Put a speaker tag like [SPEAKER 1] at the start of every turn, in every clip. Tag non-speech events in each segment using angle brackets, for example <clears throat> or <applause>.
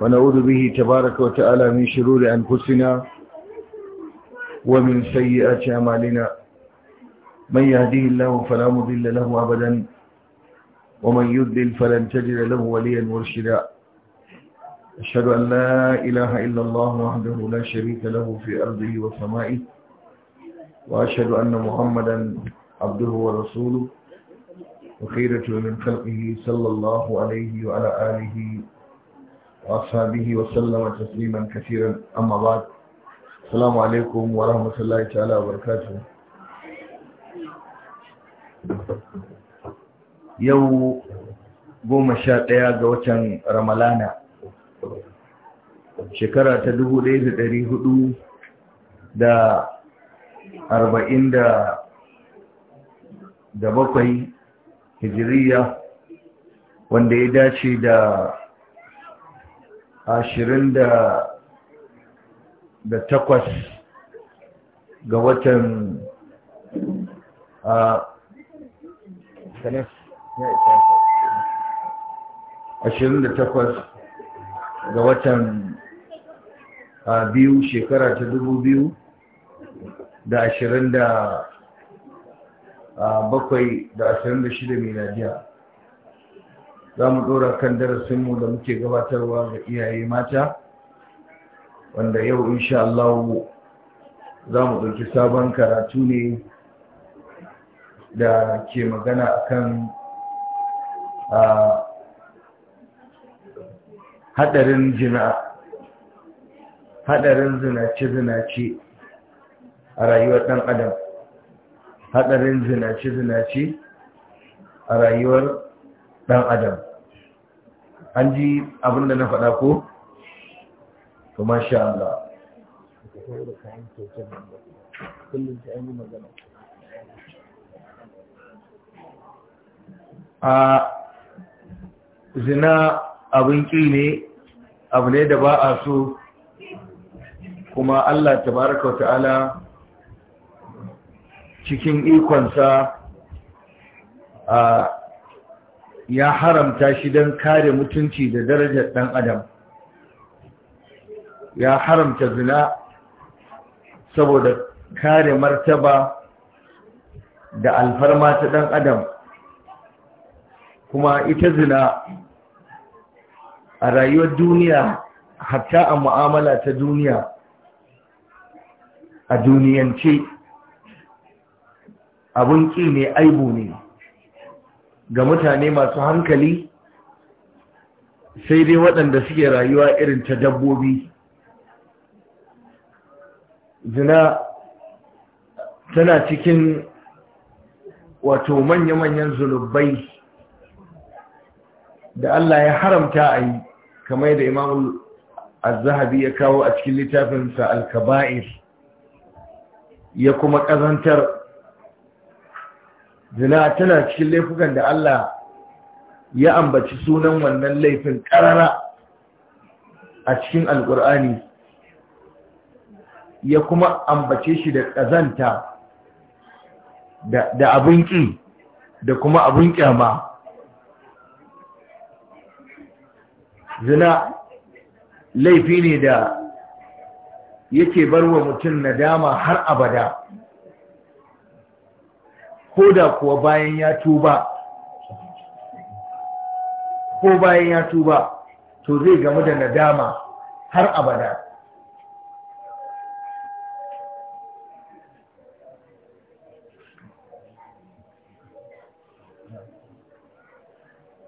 [SPEAKER 1] ونعوذ به تبارك وتعالى من شرور أنفسنا ومن سيئات أعمالنا من يهديه الله فلا مضل له أبدا ومن يضلل فلن تجد له وليا مرشدا أشهد أن لا إله إلا الله وحده لا شريك له في أرضه وسمائه وأشهد أن محمدا عبده ورسوله وخيرته من خلقه صلى الله عليه وعلى آله وأصحابه وسلم تسليما كثيرا أما بعد السلام عليكم ورحمة الله تعالى وبركاته yau goma sha ɗaya ga watan ramalana shekara ta dubu ɗaya da ɗari hudu da arba'in da da bakwai hijiriya wanda ya dace da ashirin da da takwas ga watan ashirin da takwas ga watan biyu shekara ta dubu biyu da ashirin da bakwai da ashirin da shida miladiya za mu ɗora kan darasinmu da muke gabatarwa ga iyaye mata wanda yau insha Allah za mu ɗauki sabon karatu ne da ke magana akan haɗarin jina haɗarin zinace-zinace a rayuwar ɗan adam haɗarin zinace-zinace a rayuwar ɗan adam an ji abin da na faɗa
[SPEAKER 2] ko? to masha Allah
[SPEAKER 1] a zina abin ƙi ne abu ne da ba a so kuma Allah tabaraka wa ta'ala cikin ikonsa a ya haramta shi don kare mutunci da darajar ɗan adam ya haramta zina saboda kare martaba da alfarma ta ɗan adam kuma ita zina a rayuwar duniya hatta a mu'amala ta duniya a duniyance abun ƙi ne aibu ne ga mutane masu hankali sai dai waɗanda suke rayuwa irin ta dabbobi zina tana cikin wato manya-manyan zunubai da Allah ya haramta a yi kamar da imamul azahabi zahabi ya kawo a cikin littafinsa al-kaba'ir ya kuma ƙazantar zina tana cikin laifukan da Allah ya ambaci sunan wannan laifin ƙarara a cikin alƙur'ani ya kuma ambace shi da ƙazanta da abin ƙi da kuma abin ƙyama zina laifi ne da yake bar wa mutum nadama har abada ko da kuwa bayan ya tuba ko bayan ya tuba to zai gamu da nadama har abada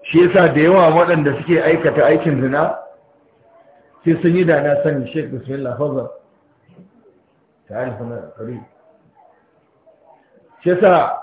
[SPEAKER 1] shi yasa da yawa waɗanda suke aikata aikin zina sai sun yi da na sani sheik bismillah fazar ta harifa na ƙari shi yasa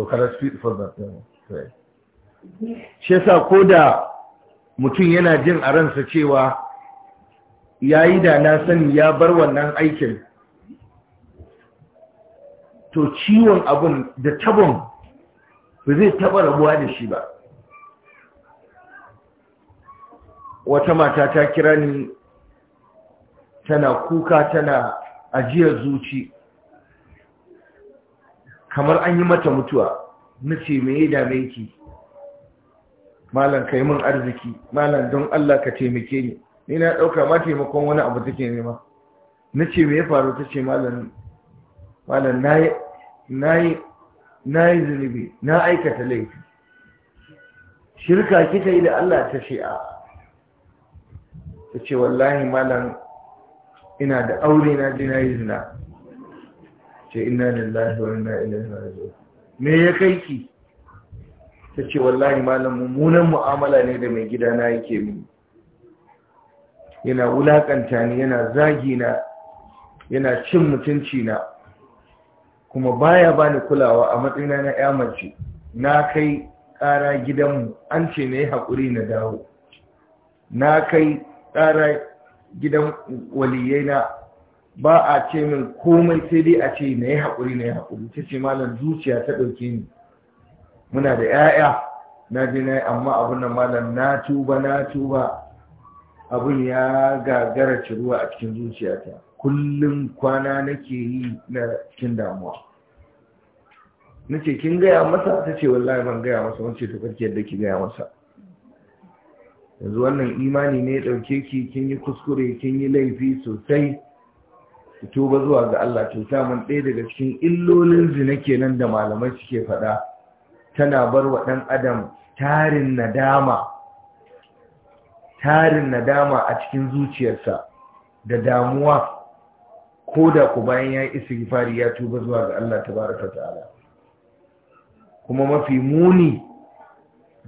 [SPEAKER 1] to kada speed shi yasa ko da mutum yana jin a ransa cewa ya yi da na sani ya bar wannan aikin to ciwon abun da tabon ba zai taba rabuwa da shi ba wata mata ta kira ni tana kuka tana ajiyar zuci kamar an yi mata mutuwa na ce me ya dame ki ka kai min arziki malam don Allah ka taimake ni ni na ɗauka ma taimakon wani abu take nema na ce me faru ta ce malam malam na yi zunubi na aikata laifi shirka kika yi da Allah ta ce a ta ce wallahi malam ina da aure na ji na yi zina ce inna lillahi wa inna ilaihi raji'un me ya kai ki tace wallahi malam mummunan mu'amala ne da mai gida na yake min yana wulakanta ni yana zagi na yana cin mutunci na kuma baya bani kulawa a matsayina na ƴa mace na kai ƙara gidanmu an ce ne hakuri na dawo na kai kara gidan na. ba a ce min komai sai dai a ce na yi haƙuri na yi haƙuri ta ce malam zuciya ta ɗauke ni muna da 'ya'ya na je na yi amma abin nan malam na tuba na tuba abin ya gagara ruwa a cikin zuciyata kullum kwana nake yi na cikin damuwa na ce kin gaya masa ta ce wallahi ban gaya masa wance ta farki yadda ki gaya masa yanzu wannan imani ne ya ɗauke ki kin yi kuskure kin yi laifi sosai ku tuba zuwa ga Allah to samun ɗaya daga cikin illolin zina kenan da malamai suke faɗa tana bar wa ɗan adam tarin nadama tarin nadama a cikin zuciyarsa da damuwa ko da ku bayan ya yi istighfari ya tuba zuwa ga Allah tabaraka ta'ala kuma mafi muni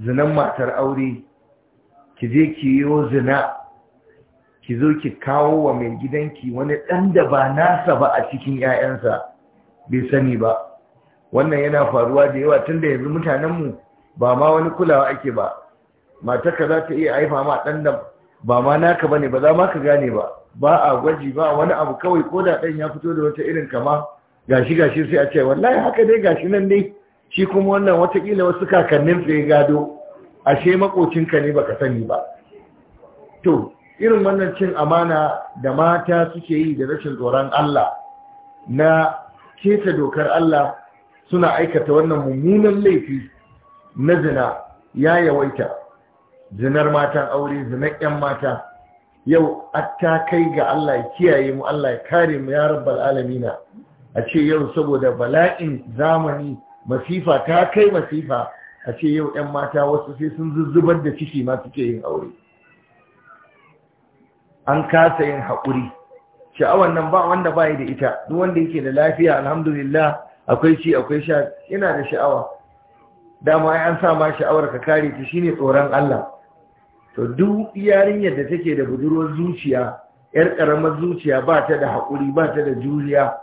[SPEAKER 1] zinan matar aure ki je ki yi zina ki zo ki kawo wa mai gidanki wani ɗan da ba nasa ba a cikin 'ya'yansa bai sani ba wannan yana faruwa da yawa tun da yanzu mutanenmu ba ma wani kulawa ake ba mataka za ta iya haifa ma ɗan da ba ma naka ba ne ba za ma ka gane ba ba a gwaji ba wani abu kawai ko da ɗan ya fito da wata irin kama gashi gashi sai a ce wallahi haka dai gashi nan dai shi kuma wannan watakila wasu kakannin sai gado ashe makocinka ne baka sani ba to irin wannan cin amana da mata suke yi da rashin tsoron Allah na keta dokar Allah suna aikata wannan mummunan laifi na zina ya yawaita zinar matan aure zinar 'yan mata yau ta kai ga Allah ya kiyaye mu Allah ya kare mu ya rabbal alamina a ce yau saboda bala'in zamani masifa ta kai masifa a ce yau 'yan mata wasu sai sun zuzzubar da ciki ma suke yin aure an kasa yin haƙuri sha'awar nan ba wanda ba da ita duk wanda yake da lafiya alhamdulillah akwai ci akwai sha yana da sha'awa dama ya an sa ma sha'awar ka kare ta shine tsoron Allah to duk yarinyar da take da budurwar zuciya yar karamar zuciya ba ta da haƙuri ba ta da juriya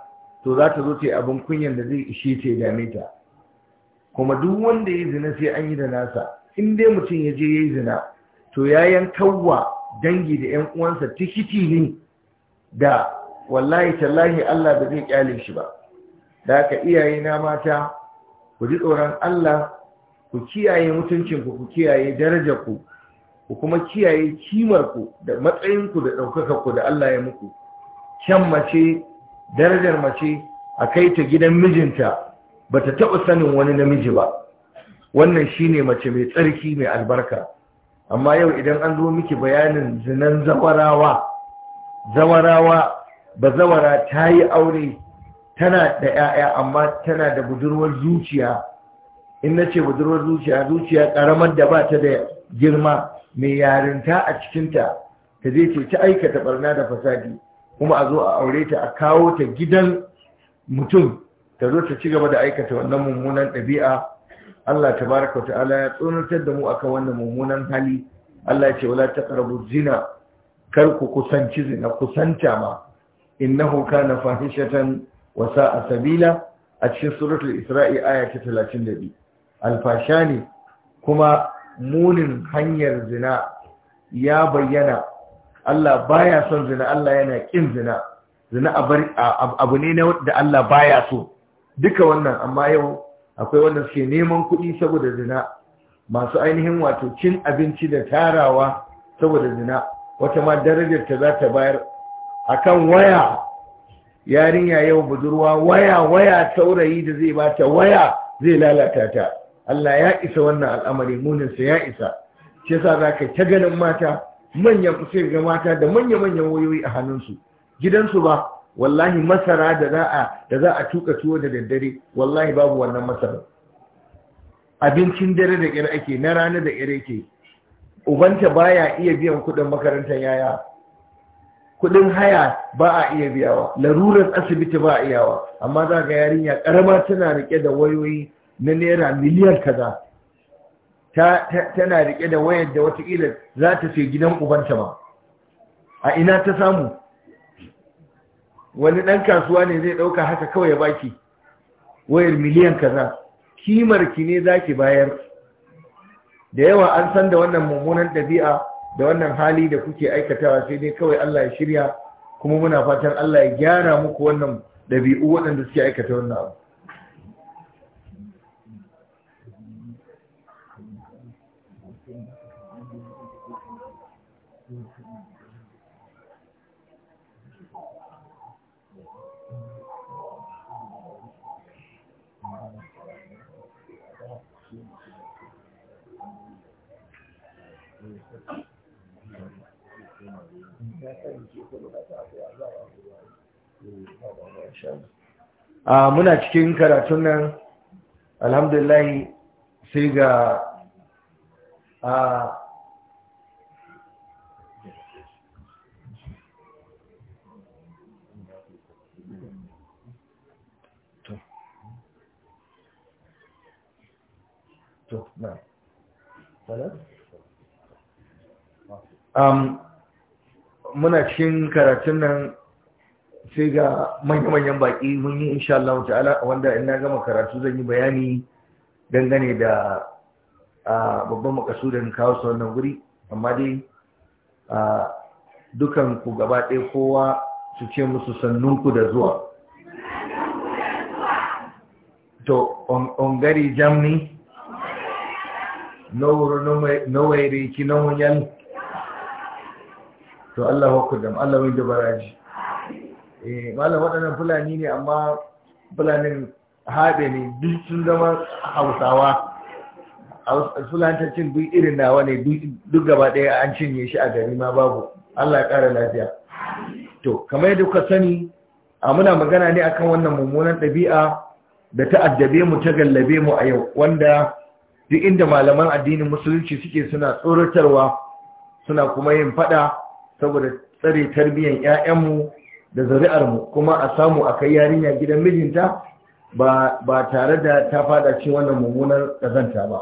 [SPEAKER 1] to za ta zo ta yi abin kunyan da zai ishe ta dame ta kuma duk wanda ya zina sai an yi da nasa in dai mutum ya je ya yi zina to ya kawwa. dangi da ‘yan uwansa tikiti ne da wallahi tallahi Allah ba zai kyale shi ba da ka iyaye na mata ku ji tsoron Allah ku kiyaye mutuncinku ku kiyaye darajarku ku kuma kiyaye kimarku da matsayinku da ɗaukakarku da Allah ya muku kyan mace darajar mace a kai ta gidan mijinta ba ta taɓa sanin wani namiji ba wannan shine mace mai tsarki mai albarka amma yau idan an zo miki bayanin zinan zawarawa zawarawa ba zawara ta yi aure tana da 'ya'ya amma tana da budurwar zuciya in na ce budurwar zuciya zuciya karamar da ba ta da girma mai yarinta a cikinta ta zai ce ta aikata barna da fasadi kuma a zo a aure ta a kawo ta gidan mutum ta zo ta ci gaba da aikata wannan mummunan ɗabi'a Allah tabaraka ta'ala ya tsonatar da mu akan wannan mummunan hali Allah ya ce wala taqrabu zina kar ku kusanci zina kusanta ma innahu kana fahishatan wa sa'a sabila a cikin suratul isra'i aya ta 32 alfashani kuma munin hanyar zina ya bayyana Allah baya son zina Allah yana kin zina zina abu ne da Allah baya so duka wannan amma yau akwai wanda suke neman kuɗi saboda zina masu ainihin wato cin abinci da tarawa saboda zina wata ma darajar ta za ta bayar akan waya yarinya yau budurwa waya waya saurayi da zai bata waya zai lalata ta Allah ya isa wannan al'amari muninsa ya isa shi yasa za ka ta ganin mata manyan sai ga mata da manya-manyan wayoyi a hannunsu gidansu ba wallahi masara da za a da za a tuka tuwo da daddare wallahi babu wannan masara abincin dare da ƙyar ake na rana da ƙyar ke. ubanta baya iya biyan kuɗin makarantar yaya kuɗin haya ba a iya biyawa larurar asibiti ba a iyawa amma za ga yarinya ƙarama tana rike da wayoyi na naira miliyan kaza tana rike da wayar da watakila za ta ce gidan ubanta ba a ina ta samu wani ɗan kasuwa ne zai ɗauka haka kawai ya baki wayar miliyan kaza kimar ki ne za ki bayar da yawa an san da wannan mummunan ɗabi'a da wannan hali da kuke aikatawa sai dai kawai Allah ya shirya kuma muna fatan Allah ya gyara muku wannan ɗabi'u waɗanda suke aikata wannan abu a muna cikin karatun nan alhamdulillah sai ga a Um, muna cikin karatun nan sai ga manya-manyan baƙi mun yi insha Allah ta'ala wanda ina gama karatu zan yi bayani dangane da babban makasudin kawo su wannan guri amma dai dukan ku gaba ɗaya kowa su ce musu sannunku da zuwa to ongari jamni nowere ki yal? to Allah wa kudam Allah wani baraji eh malam waɗannan fulani ne amma fulanin haɗe ne duk sun zama hausawa fulantacin duk irin nawa ne duk gaba ɗaya an cinye shi a gari ma babu Allah ya ƙara lafiya to kamar yadda kuka sani a muna magana ne akan wannan mummunan ɗabi'a da ta'addabe mu ta gallabe mu a yau wanda duk inda malaman addinin musulunci suke suna tsoratarwa suna kuma yin faɗa. saboda tsare tarbiyyar 'ya'yanmu da zari'armu kuma a samu a kai yarinya gidan mijinta ba tare da ta fada cin wannan mummunar ƙazanta ba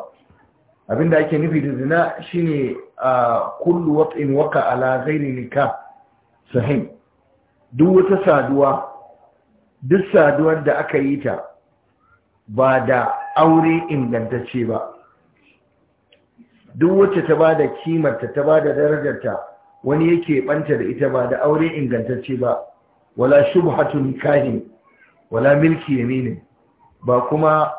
[SPEAKER 1] abinda ake nufi da zina shine a kullu wat'in waka ala ghairi nika sahih duk wata saduwa duk saduwar da aka yi ta ba da aure ingantacce ba duk wacce ta ba da kimarta ta ba da darajarta wani yake banta da ita ba da aure ingantacce ba wala shubhatun kahi. wala milki yaminin ba kuma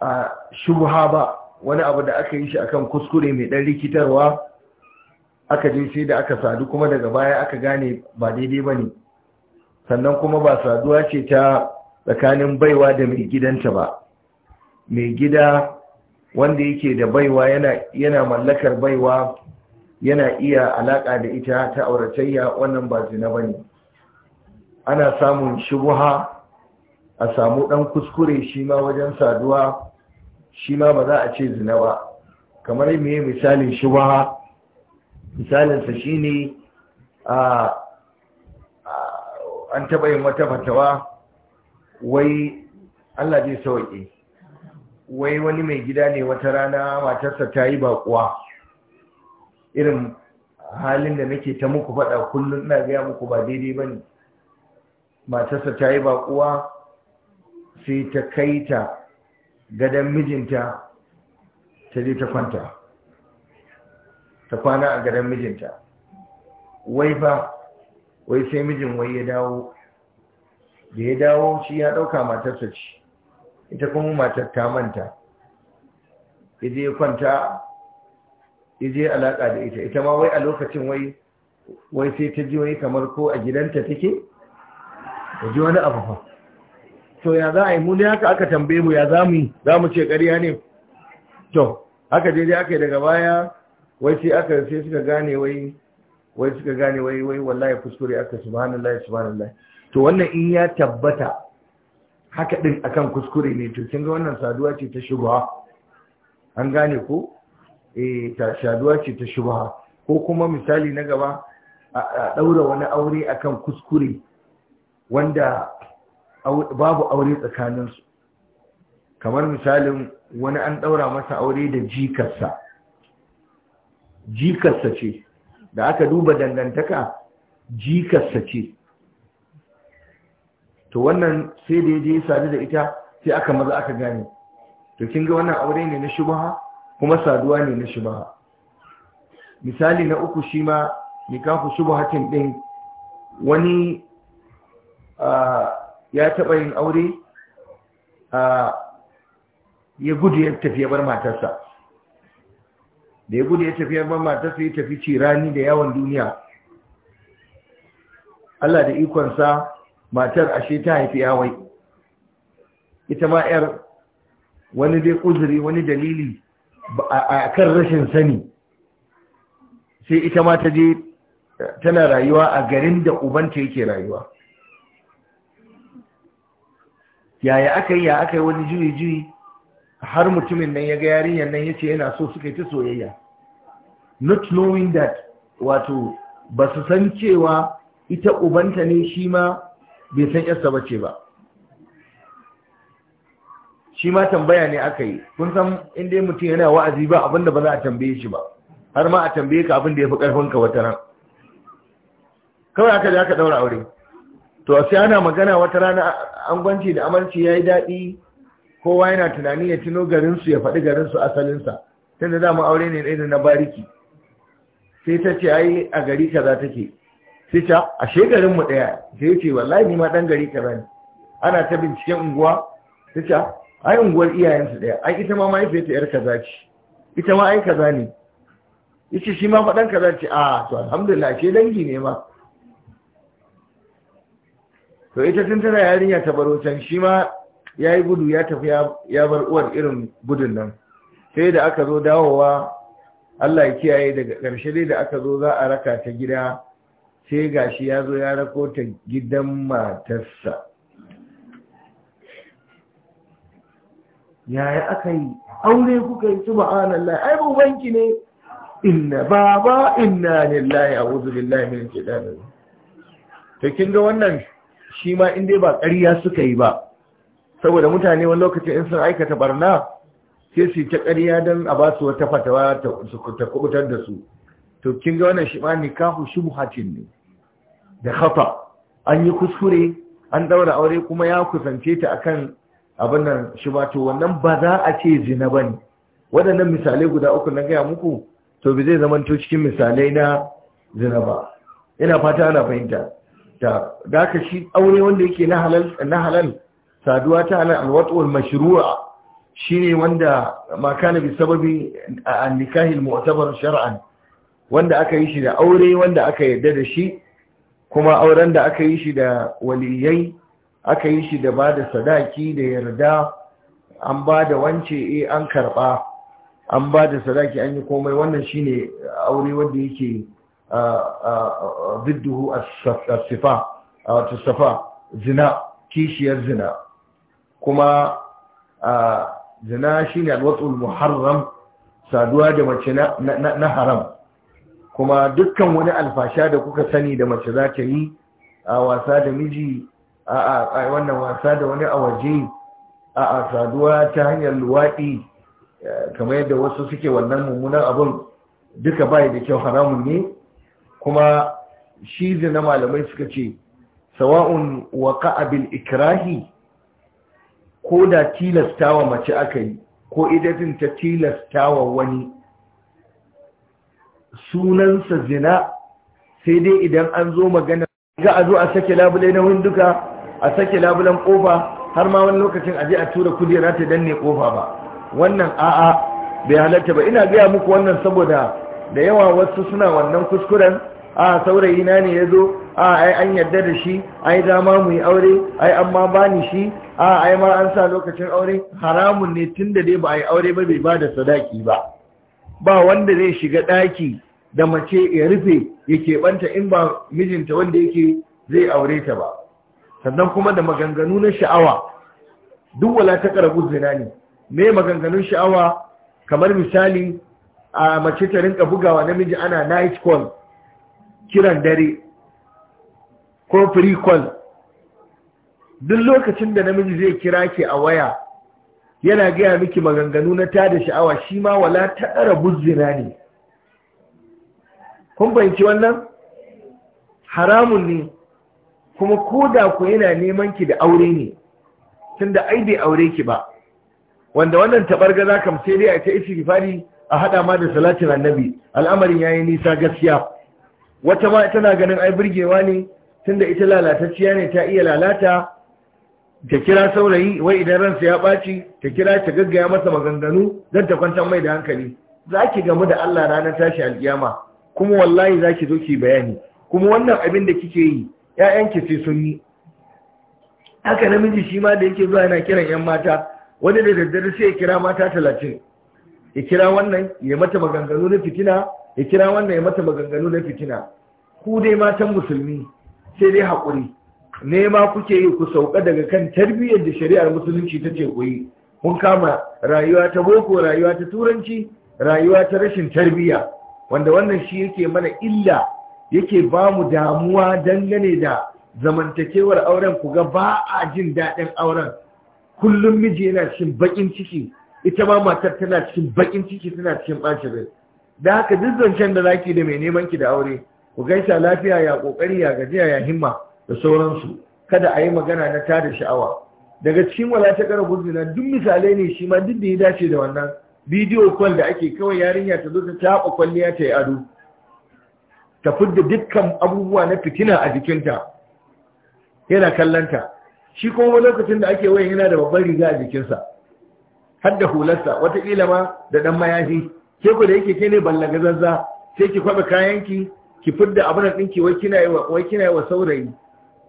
[SPEAKER 1] a shubha ba wani abu da aka yi shi akan kuskure mai dan rikitarwa aka je sai da aka sadu kuma daga baya aka gane ba daidai bane sannan kuma ba saduwa ce ta tsakanin baiwa da mai gidanta ba mai gida wanda yake da baiwa yana mallakar baiwa yana iya alaƙa da ita ta auratayya wannan ba zina ba ne ana samun shubuha a samu ɗan kuskure shi ma wajen saduwa shi ma ba za a ce zina ba kamar mai misalin shubuha misalinsa shi ne an taɓa yin wata fatawa wai allah zai sauƙi wai wani mai gida ne wata rana matarsa ta yi baƙuwa irin halin da nake ta muku faɗa kullum ina gaya muku ba daidai ba ne matarsa ta yi baƙuwa sai ta kai ta gadon mijinta ta je ta kwanta ta kwana a gadon mijinta wai ba wai sai mijin wai ya dawo da ya dawo shi ya ɗauka matarsa ce ita kuma matar ta manta ya je kwanta ya je alaƙa da ita ita ma wai a lokacin wai wai sai ta ji wai kamar ko a gidanta take ta ji wani abu fa to ya za a yi muni haka aka tambaye mu ya za mu yi za mu ce ƙarya ne to haka dai-dai aka yi daga baya wai sai aka sai suka gane wai wai suka gane wai wai wallahi kuskure aka subhanallahi subhanallahi to wannan in ya tabbata haka din akan kuskure ne to kin ga wannan saduwa ce ta shubha an gane ko eh ta shaduwa ce ta shubha ko kuma misali na gaba a daura wani aure akan kuskure wanda babu aure tsakaninsu kamar misalin wani an ɗaura masa aure da jikarsa jikarsa ce da aka duba dangantaka jikarsa ce to wannan sai da ya je sadu da ita sai aka maza aka gane to kin ga wannan aure ne na shubha kuma saduwa ne na shubaha misali na uku shi ma nikahu shubahatin din wani ya taɓa yin aure ya gudu ya tafi bar matarsa da ya gudu ya tafi bar matarsa ya tafi cirani da yawon duniya Allah da ikonsa matar ashe ta haifi yawai ita ma 'yar wani dai uzuri wani dalili a kan rashin sani sai ita ma ta je tana rayuwa a garin da ubanta yake rayuwa yaya aka yi ya aka yi wani juyi-juyi har mutumin nan ya ga yarinyar nan ya ce yana so suka yi ta soyayya not knowing that wato ba su san cewa ita ubanta ne shi ma bai san yarsa bace ba shi ma tambaya ne aka yi kun san inda ya mutum yana wa'azi ba abinda ba za a tambaye shi ba har ma a tambaye ka da ya fi ƙarfinka wata ran kawai aka ja ka ɗaura aure to sai ana magana wata rana angwanci da amarci ya yi daɗi kowa yana tunani ya tuno garinsu ya faɗi garinsu asalinsa tunda mu aure ne ɗaya na bariki sai ta ce ai a gari kaza take sai ta ashe garinmu ɗaya sai ya ce wallahi ni ma ɗan gari kaza ne ana ta binciken unguwa ta ai unguwar iyayensu ɗaya ai ita ma ta yar kaza ce ita ma ai kaza ne yace shi ma faɗan kaza ce a to alhamdulillah ke dangi ne ma to ita tun tana yarinya ta baro can shi ma ya yi gudu ya tafi ya bar uwar irin gudun nan sai da aka zo dawowa Allah ya kiyaye daga ƙarshe dai da aka zo za a raka ta gida sai gashi ya zo ya rako ta gidan matarsa yaya aka yi aure kuka yi su subhanallah ai ubanki ne inna baba inna lillahi a'udhu billahi min shaitanir to kin ga wannan shi ma in ba ƙarya suka yi ba saboda mutane wani lokacin in sun aikata barna sai su ta ƙarya don a ba su wata fatawa ta kubutar da su to kin ga wannan shi ma nikahu shubhatin ne da khata an yi kuskure an daura aure kuma ya kusance ta akan abin nan shi ba to wannan ba za a ce zina ba ne waɗannan misalai guda uku na gaya muku to bi zai to cikin misalai na zina ba ina fata ana fahimta ta da ka shi aure wanda yake na halal na halal saduwa ta halal alwatul mashru'a shine wanda ma kana bi sababi an nikahil mu'tabar shar'an wanda aka yi shi da aure wanda aka yarda da shi kuma auren da aka yi shi da waliyai aka yi shi da ba da sadaki da yarda an ba da wance e an karɓa an ba da sadaki an yi komai wannan shi ne aure wanda yake bidduhu sifa, a wato safa zina kishiyar zina kuma zina shi ne alwatsul muharram saduwa da mace na haram kuma dukkan wani alfasha da kuka sani da mace za ta yi a wasa da miji a'a wannan wasa da wani a waje a'a saduwa ta hanyar luwaɗi eh, kamar yadda wasu suke wannan mummunan abin duka bai da kyau haramun ne kuma shi zina malamai suka ce sawa'un waka abin ikrahi ko da tilastawa mace aka yi ko idadin ta tilastawa wani sunansa zina sai dai idan an zo magana ga a zo a sake labule na duka a sake labulan kofa har ma wani lokacin aje a tura kujera ta danne kofa ba wannan a'a bai halarta ba ina gaya muku wannan saboda da yawa wasu suna wannan kuskuren a saurayi na ne ya zo a ai an yarda da shi ai dama mu yi aure ai an ma bani shi a ai ma an sa lokacin aure haramun ne tun da dai ba a yi aure ba bai ba da sadaki ba ba wanda zai shiga ɗaki da mace ya rufe ya keɓanta in ba mijinta wanda yake zai aure ta ba sannan kuma da maganganu na sha'awa duk wala ta karabu zina ne me maganganun sha'awa kamar misali a mace ta rinka bugawa namiji ana night call kiran dare ko free call duk lokacin da namiji zai kira ke a waya yana gaya miki maganganu na tada sha'awa shi ma wala ta karabu zina ne kun fahimci wannan haramun ne kuma ko da ku yana neman ki da aure ne tunda ai bai aure ki ba wanda wannan za ka sai dai a ta istighfari a haɗa ma da salatin annabi al'amarin yayi nisa gaskiya wata ma tana ganin ai burgewa ne tunda ita lalatacciya ne ta iya lalata ta kira saurayi wai idan ransa ya ɓaci ta kira ta gaggaya masa maganganu don ta kwantar mai da hankali za ki gamu da Allah ranar tashi alkiyama kuma wallahi za ki zo ki bayani kuma wannan abin da kike yi ‘ya'yanki sai sun yi haka namiji shi ma da yake zuwa yana kiran ‘yan mata wani da daddare sai ya kira mata talatin ya kira wannan ya mata maganganu na fitina ya kira wannan ya mata maganganu na fitina ku dai matan musulmi sai dai haƙuri nema kuke yi ku sauka daga kan tarbiyyar da shari'ar musulunci ta ce ku yi kun kama rayuwa ta boko rayuwa ta turanci rayuwa ta rashin tarbiyya wanda wannan shi yake mana illa yake ba mu damuwa dangane da zamantakewar auren ku ga ba a jin daɗin auren kullum miji yana cikin baƙin ciki ita ma matar tana cikin baƙin ciki tana cikin ɓacin rai da haka duk zancen da zaki da mai neman ki da aure ku gaisa lafiya ya ƙoƙari ya gajiya ya himma da sauransu kada a yi magana na ta da sha'awa daga cikin wala ta ƙara duk misalai ne shi ma duk da ya dace da wannan bidiyo kwal da ake kawai yarinya ta zo ta taɓa kwalliya ta yi ado ta fidda dukkan abubuwa na fitina a jikinta yana kallanta shi kuma lokacin da ake wayan yana da babban riga a jikinsa har da hularsa watakila ma da ɗan mayafi ke ku da yake ke ne ballagazazza sai ki kwaɓa kayanki ki fidda abin da ɗinki wai kina yi wa saurayi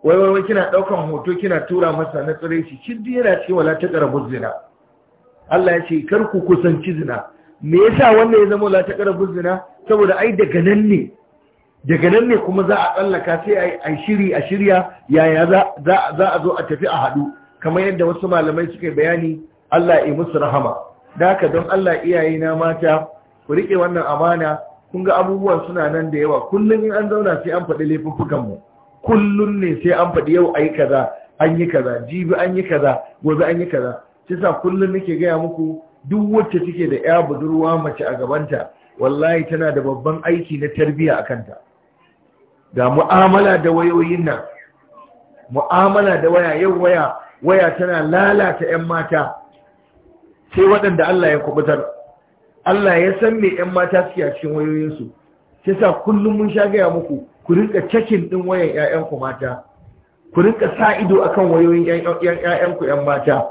[SPEAKER 1] wai wai wai kina ɗaukan hoto kina tura masa na tsare shi shi duk yana ce wala ta ƙarabu zina Allah ya ce kar ku kusanci zina me yasa wannan ya zama wala ta ƙarabu zina saboda ai daga nan ne daga nan ne kuma za a tsallaka sai a shiri a shirya yaya za a zo a tafi a haɗu kamar yadda wasu malamai suka bayani Allah ya musu rahama da haka don Allah iyaye na mata ku rike wannan amana kun ga abubuwan suna nan da yawa kullum in an zauna sai an faɗi laifuffukan mu kullum ne sai an faɗi yau ayi kaza an yi kaza jibi an yi kaza gobe an yi kaza shi sa kullum nake gaya muku duk wacce take da ya budurwa mace a gabanta wallahi tana da babban aiki na tarbiyya a kanta Da mu'amala da wayoyin nan mu'amala da waya yau waya waya tana lalata 'yan mata sai waɗanda Allah ya kubutar Allah ya san me 'yan mata suke a cikin wayoyinsu sai sa kullum mun sha gaya muku ku rinka cakin ɗin wayan 'ya'yanku mata ku rinka sa ido akan wayoyin 'ya'yanku 'yan mata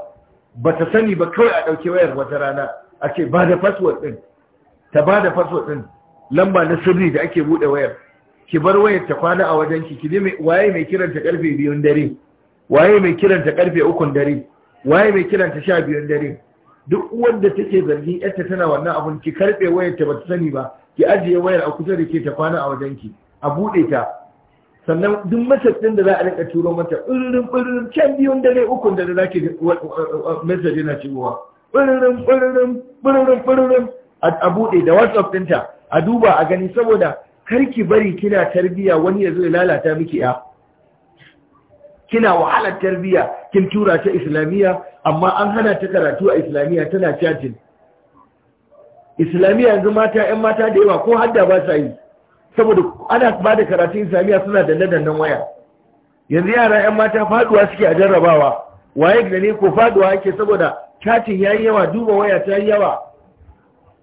[SPEAKER 1] ba ta sani ba kawai a ɗauke wayar wata rana a ce ba da password ɗin ta ba da password ɗin lamba na sirri da ake buɗe wayar ki bar wayar ta kwana a wajen ki kije waye mai kiranta karfe biyun dare waye mai kiranta karfe ukun dare waye mai kiranta sha biyun dare duk wanda take zargin yarta tana wannan abun ki karfe wayar ta bata sani ba ki ajiye wayar a kusa da ke ta kwana a wajen ki a bude ta sannan duk masajin da za a rika turo mata ɓirrin ɓirrin can biyun dare ukun dare za ki message na cewa ɓirrin ɓirrin ɓirrin ɓirrin a bude da whatsapp ɗinta a duba a gani saboda kar ki bari kina tarbiya wani ya zo lalata miki ya kina wahalar tarbiya kin tura ta islamiyya amma an hana ta karatu a islamiyya tana cajin islamiya yanzu mata yan mata da yawa ko hadda ba sa yi saboda ana ba da karatu islamiya suna da dandan waya yanzu yara yan mata faduwa suke a jarrabawa waye da ko faduwa yake saboda cajin yayi yawa duba waya ta yi yawa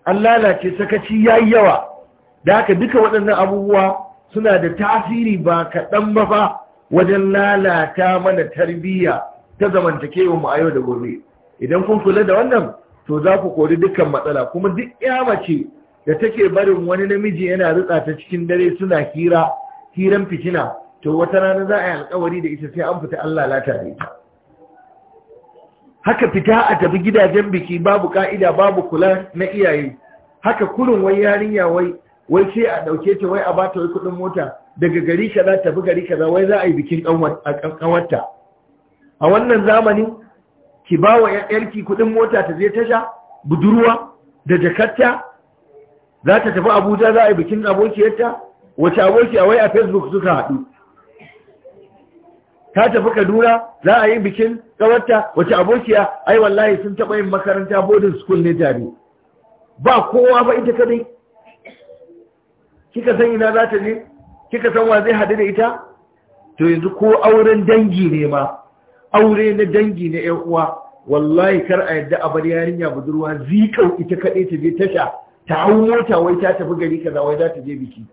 [SPEAKER 1] an lalace sakaci yayi yawa da haka duka waɗannan abubuwa suna da tasiri ba kaɗan ba fa wajen lalata mana tarbiyya ta zamantakewa mu a yau da gobe idan kun kula da wannan to za ku kori dukkan matsala kuma duk ya mace da take barin wani namiji yana rutsa ta cikin dare suna hira hiran fitina to wata rana za a yi alkawari da ita sai an fita an lalata da ita haka fita a tafi gidajen biki babu ka'ida babu kula na iyaye haka kurun, wai yarinya wai wai sai a ɗauke ta wai a bata wai kuɗin mota daga gari kaza tafi gari kaza wai za a yi bikin ƙanwarta a wannan zamani ki ba wa ‘yarki kuɗin mota ta je tasha budurwa da jakarta za ta tafi abuja za a yi bikin abokiyarta wace aboki a wai a facebook suka haɗu ta tafi kaduna za a yi bikin ƙawarta wace abokiya ai wallahi sun taɓa yin makaranta boarding school ne tare ba kowa ba ita kadai kika san ina za ta je kika san wa zai hadu da ita to yanzu ko auren dangi ne ma aure na dangi na ƴan uwa wallahi kar a yadda a bar yarinya budurwa zikau ita kaɗai ta je tasha ta hau mota wai ta tafi gari kaza wai za ta je biki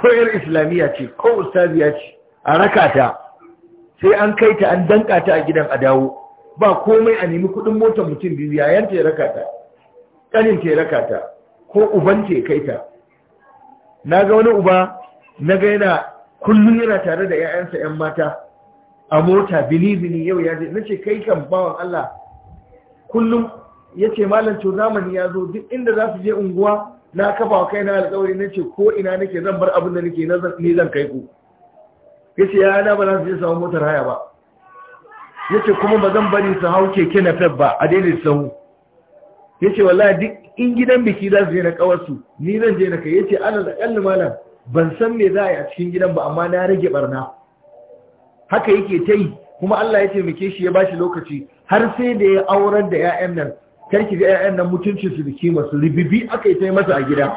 [SPEAKER 1] ko yar islamiyya ce ko ustaziya ce a raka ta sai an kai ta an danka ta a gidan a dawo ba komai a nemi kuɗin motar mutum biyu yayan ta ya raka ta ƙanin ta ya raka ta ko uban ta ya kai ta na ga wani uba na ga yana kullum yana tare da 'ya'yansa 'yan mata a mota bini yau ya je na ce kai kan bawan Allah kullum ya ce malam zamani ya zo duk inda za su je unguwa na kafa wa kaina alkawari na ce ko ina nake zan bar abin da nake ni zan kai ku ya ce yana ba za su je samun motar haya ba ya ce kuma ba zan bari su hau keke na fef ba a daidai sahu ya ce wallahi duk in gidan biki za su je na kawarsu ni zan je na kai yace da aqall malam ban san me za a yi a cikin gidan ba amma na rage barna haka yake ta yi kuma Allah ya taimake shi ya ba shi lokaci har sai da ya auren da 'ya'yan nan ki ga 'ya'yan nan mutuncin su biki masu ribibi aka yi ta masa a gida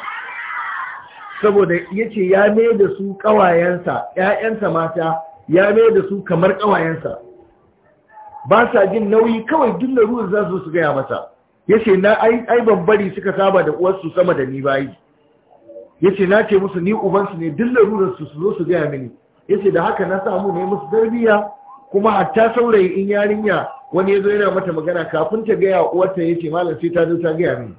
[SPEAKER 1] saboda ya ce ya mai da su ƙawayensa 'ya'yansa mata ya mai da su kamar ƙawayensa ba sa jin nauyi kawai duk ruwan za su gaya masa yace na ai bari suka saba da uwarsu sama da ni bayi yace na ce musu ni ubansu ne duk larurar su su zo su gaya mini yace da haka na samu ne musu darbiya kuma hatta saurayi in yarinya wani ya zo yana mata magana kafin ta gaya uwarta ya ce malam sai ta zo ta gaya mini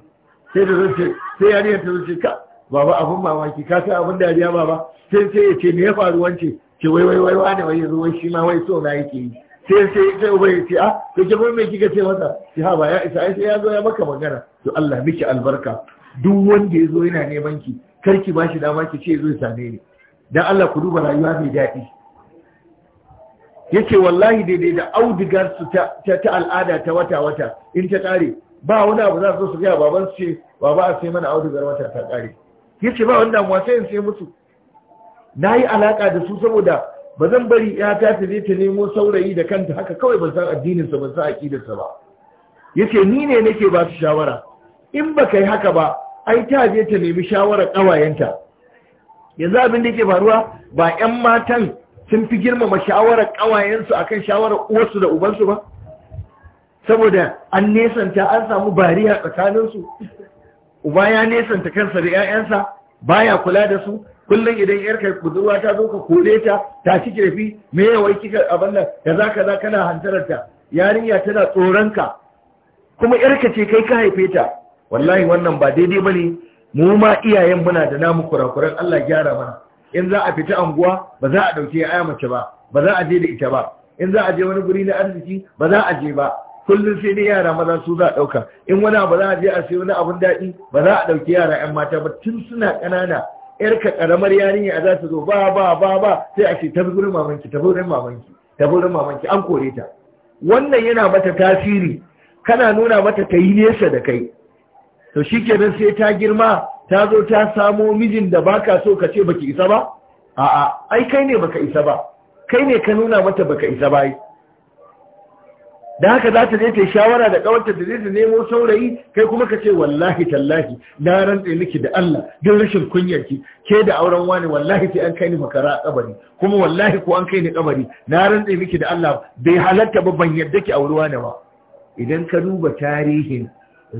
[SPEAKER 1] sai da zai sai ta zo ce ka baba abun mamaki ka san abun dariya baba sai sai ya ce me ya faru wance ce wai wai wai wane wai ya zo wai shi ma wai so na yake yi sai sai sai ubai ce a ah, to ke mai kika ce masa ki ha ba ya isa sai ya zo ya maka magana to Allah miki albarka duk wanda ya zo yana neman ki kar ki bashi dama ki ce zo same ni dan Allah ku duba rayuwa mai daɗi yace wallahi daidai da audigar su ta ta al'ada ta wata wata in ta kare ba wani abu za su su gaya baban su ce baba a sai mana audigar wata ta kare yace ba wanda mu sai in sai musu nayi alaka da su saboda ba zan bari yata ta je ta nemo saurayi da kanta haka kawai ban san addininsa ban san aƙidarsa ba yace ni ne nake ba su shawara in ba kai haka ba ai ta je ta nemi shawarar kawayenta yanzu abin da yake faruwa ba 'yan matan sun fi girmama shawarar ƙawayensu akan shawarar uwarsu da ubansu ba saboda an nesanta an samu bariya tsakaninsu uba ya nesanta kansa da 'ya'yansa baya kula da su kullum idan yarka budurwa ta zo ka kore ta ta ci kirfi me ya wai kika abin nan zaka za kana hantarar ta yarinya tana tsoron ka kuma yarka ce kai ka haife ta wallahi wannan ba daidai bane mu ma iyayen muna da namu kurakuran Allah gyara mana in za a fita anguwa ba za a dauke aya mace ba ba za a je da ita ba in za a je wani guri na arziki ba za a je ba kullum sai dai yara maza su za a ɗauka in wani abu za a je a sai wani abun daɗi ba za a ɗauki yara 'yan mata ba tun suna ƙanana 'yarka ka ƙaramar yarinya a za ta zo ba ba ba ba sai a ce ta gurin mamanki ta bi mamanki ta gurin mamanki an kore ta wannan yana mata tasiri kana nuna mata ta yi nesa da kai to shi kenan sai ta girma ta zo ta samo mijin da baka so ka ce baki isa ba a'a ai kai ne baka isa ba kai ne ka nuna mata baka isa ba da haka za ta je ta shawara da kawarta da zai nemo saurayi kai kuma ka ce wallahi tallahi na rantse miki da Allah don rashin kunyarki ke da auren wani wallahi sai an kai ni makara a kabari kuma wallahi ko an kai ni kabari na rantse miki da Allah bai halarta ba ban yadda ki auri wani ba idan ka duba tarihin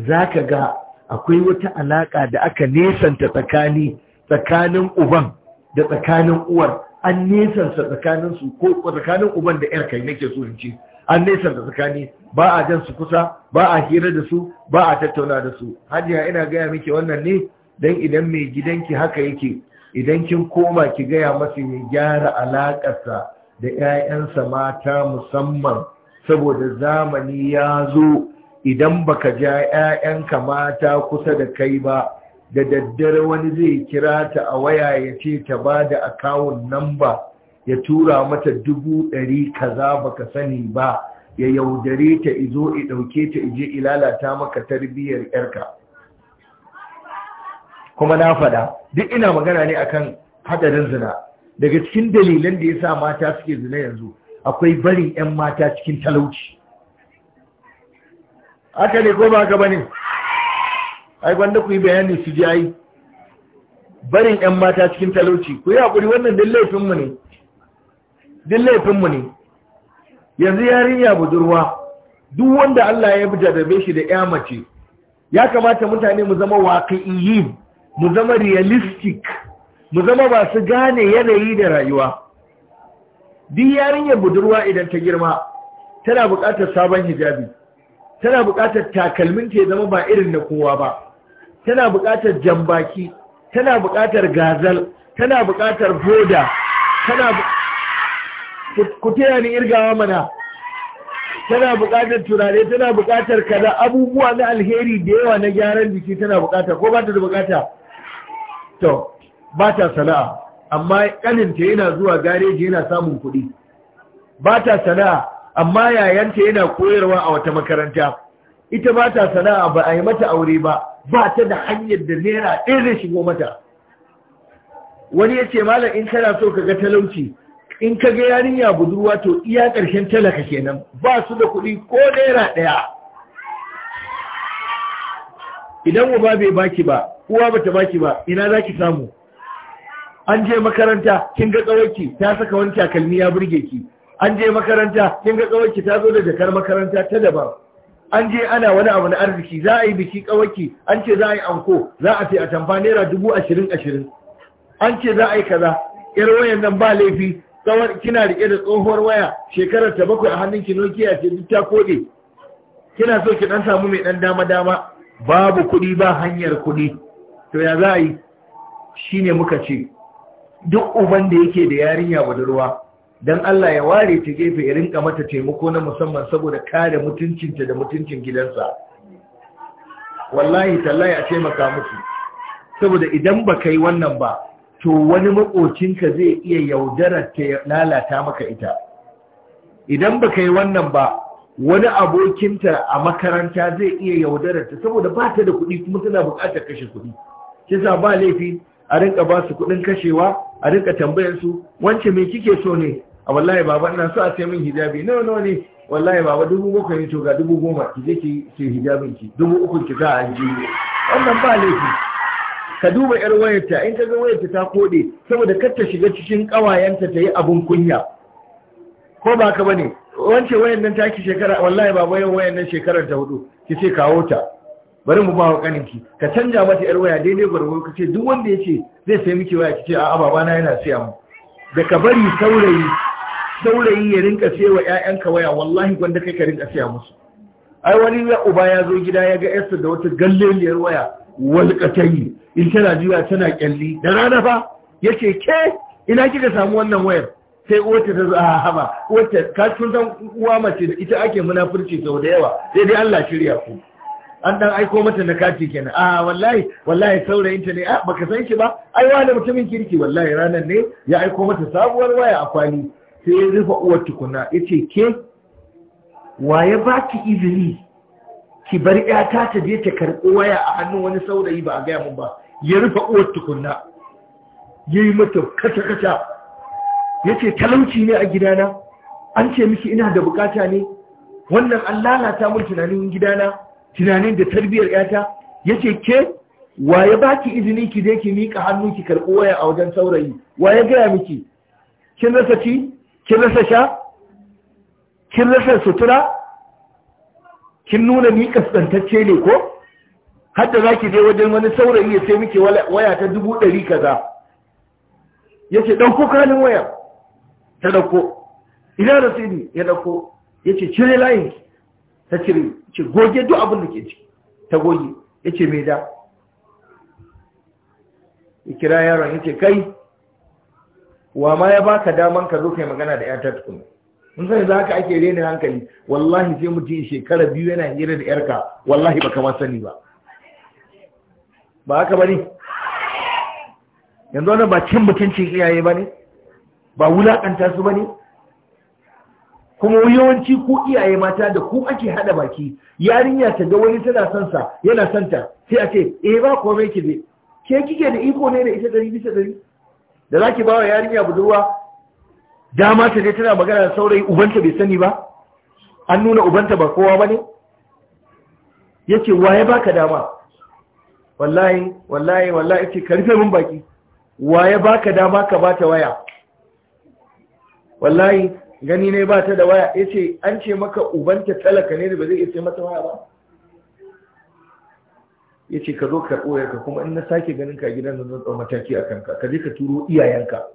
[SPEAKER 1] zaka ga akwai wata alaka da aka nesanta tsakani tsakanin uban da tsakanin uwar an nesanta tsakanin su ko tsakanin uban da yar kai nake so in ce an nesa da tsakani ba a jan su kusa ba a hira da su ba a tattauna da su hajiya ina gaya miki wannan ne don idan mai gidanki haka yake idan kin koma ki gaya masa ya gyara alaƙarsa da 'ya'yansa mata musamman saboda zamani ya zo idan baka ja 'ya'yanka mata kusa da kai ba da daddare wani zai kira ta a waya ya ce ta ba da akawun namba ya tura mata dubu ɗari kaza baka sani ba ya yaudare ta izo i ɗauke ta ije ilalata maka tarbiyyar yarka kuma na faɗa duk ina magana ne akan haɗarin zina daga cikin dalilan da ya sa mata suke zina yanzu akwai barin 'yan mata cikin talauci haka ne ko ba ka ba ai wanda ku yi bayani su ji ai barin 'yan mata cikin talauci ku yi haƙuri wannan don laifinmu ne laifin laifinmu ne yanzu yarinya budurwa duk wanda Allah ya jarrabe shi da ya mace ya kamata mutane mu zama waqi'iyin mu zama realistic mu zama ba su gane yanayi da rayuwa duk yarinyar budurwa idan ta girma tana buƙatar sabon hijabi tana buƙatar takalmin ta zama ba irin na kowa ba tana buƙatar jambaki tana buƙatar gazal tana buƙatar boda tana ku taya ni irgawa mana tana buƙatar turare tana bukatar kada abubuwa na alheri da yawa na gyaran jiki tana buƙata ko ba ta da buƙata to ba ta sana'a amma ƙaninta yana zuwa gareji yana samun kuɗi ba ta sana'a amma yayanta yana koyarwa a wata makaranta ita ba ta sana'a ba a yi mata aure ba ba ta da hanyar da naira ɗaya zai shigo mata wani ya ce malam in kana so ka ga talauci in ka ga yarinya budurwa to iya ƙarshen talaka kenan ba su da kuɗi ko naira ɗaya idan uba bai baki ba uwa bata baki ba ina za ki samu an je makaranta kin ga tsawaki ta saka wani takalmi ya burge ki an je makaranta kin ga tsawaki ta zo da jakar makaranta ta daban an je ana wani abu na arziki za a yi biki tsawaki an ce za a yi anko za a ce a tamfa naira dubu ashirin ashirin an ce za a yi kaza yar wayan nan ba laifi tsawon kina rike da tsohuwar waya shekarar ta bakwai a hannun ki nokiya ce duk ta kode kina so ki dan samu mai dan dama dama babu kuɗi ba hanyar kuɗi to ya za a yi shine muka ce duk uban da yake da yarinya budurwa dan Allah ya ware ta gefe ya rinka mata taimako na musamman saboda kare mutuncinta da mutuncin gidansa wallahi tallahi a taimaka musu saboda idan ba kai wannan ba to wani makocinka zai iya yaudarar ta lalata maka ita idan baka yi wannan ba wani abokinta a makaranta zai iya yaudarar ta saboda ba ta da kuɗi kuma tana buƙatar kashe kuɗi kisa ba laifi a rinka ba su kuɗin kashewa a rinka tambayar su wance me kike so ne a wallahi baba ina so a sai min hijabi nawa nawa ne wallahi baba dubu bakwai ne to ga dubu goma ki je ki sai hijabin ki dubu uku ki ka a wannan ba laifi ka duba yar wayarta in ka ga wayarta ta kode saboda kar ta shiga cikin kawayenta ta yi abun kunya ko ba ka bane wance wayar nan taki shekara wallahi ba wayan wayar nan shekarar ta hudu ki ce kawo ta bari mu ba wa kaninki ka canja mata yar waya daidai gwargwaro ka ce duk wanda ya ce zai sai miki waya ki ce a'a babana yana siya mu da ka bari saurayi saurayi ya rinka sewa ƴaƴanka waya wallahi gwanda kai ka rinka siya musu ai wani ya uba ya zo gida ya ga yarsa da wata galleliyar waya Walƙatayi in tana juya tana kyalli da rana fa ce ke ina kika samu wannan wayar sai wata ta zuwa haba wata kacin san uwa mace da ita ake munafurci sau da yawa sai dai Allah shirya ku an dan aiko mata na kati kenan a wallahi wallahi saurayin ta ne a baka san shi ba ai wani mutumin kirki wallahi ranar ne ya aiko mata sabuwar waya a kwani sai ya rufe uwar tukuna Ya ce ke Wa waye baki izini ki bar ƴata ta je ta karɓi waya a hannun wani saurayi ba a gaya mun ba ya rufe uwar tukunna ya yi mata kata ya ce talauci ne a gidana an ce miki ina da bukata ne wannan an lalata mun tunanin gidana tunanin da tarbiyyar ƴata ya ce ke waye baki izini ki je ki miƙa hannu ki karɓi waya a wajen saurayi waye gaya miki kin rasa ci kin rasa sha kin rasa sutura kin nuna ni kaskantacce ne ko hadda za ki je wajen wani saurayi ya ce miki waya ta dubu ɗari kaza ya ce ɗauko kanin waya ta ɗauko ina da sai ya ɗauko ya ce cire layin ta cire ce goge duk abin da ke ciki ta goge ya ce mai da ya kira yaron ya ce kai wa ma ya baka daman ka zo kai magana da ƴan ta tukuna mun sani za ka ake rena hankali wallahi sai mutum shekara biyu yana hira da yarka wallahi ba ma sani ba ba haka ba ne? yanzu wannan ba cin mutuncin iyaye ba ne? ba wulakanta su ba ne? kuma yawanci ko iyaye mata da ku ake hada baki yarinya ta ga wani tana son sa yana son ta sai a ce eh ba komai ki je ke kike da iko ne da ita dari bisa dari da zaki ba wa yarinya budurwa dama ta dai tana magana da saurayi ubanta bai sani ba an nuna ubanta ba kowa ba ne ya ce waye baka dama wallahi wallahi wallahi ce ka rufe min baki waye baka dama ka bata waya wallahi gani ne ba ta da waya ya ce an ce maka ubanta talaka ne da ba zai iya sai mata waya ba ya ce ka zo karɓo yarka kuma in na sake ganin ka gidan da zan mataki a kanka ka je ka turo iyayenka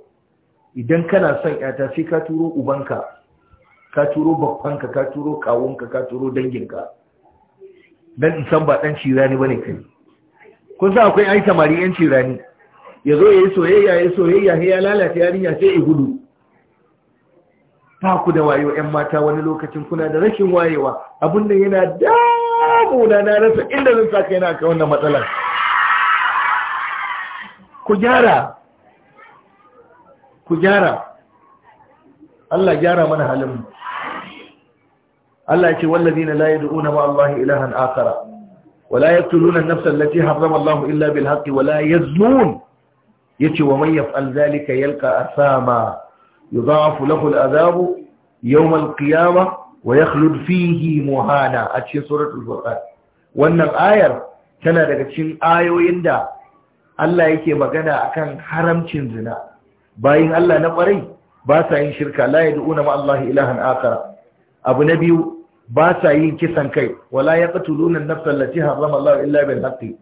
[SPEAKER 1] idan kana son yata sai ka turo ubanka ka turo babbanka ka turo kawunka ka turo danginka dan in san ba dan cirani bane kai kun san akwai ai samari yan cirani ya zo yayi soyayya yayi soyayya sai ya lalata yarinya sai ya gudu ba ku da wayo yan mata wani lokacin kuna da rashin wayewa abun da yana damuna na rasa inda zan sa kai na ka wannan matsalar ku gyara ku gyara Allah gyara mana halin mu Allah ya ce wallazina la yad'una ma Allah ilahan akhara wala yaqtuluna an-nafsa allati harrama Allah illa bil haqqi wala yaznun yace wa man yaf'al dhalika yalqa asama yudhafu lahu al-adhabu yawm al-qiyamah wa yakhlud fihi muhana a cikin suratul furqan wannan ayar tana daga cikin ayoyin da Allah yake magana akan haramcin zina bayin Allah na kwarai ba sa yin shirka la yad'una na Allah ilahan akara abu na biyu ba sa yin kisan kai wala ya yaqtuluna an-nafsa allati harrama Allah illa bin haƙi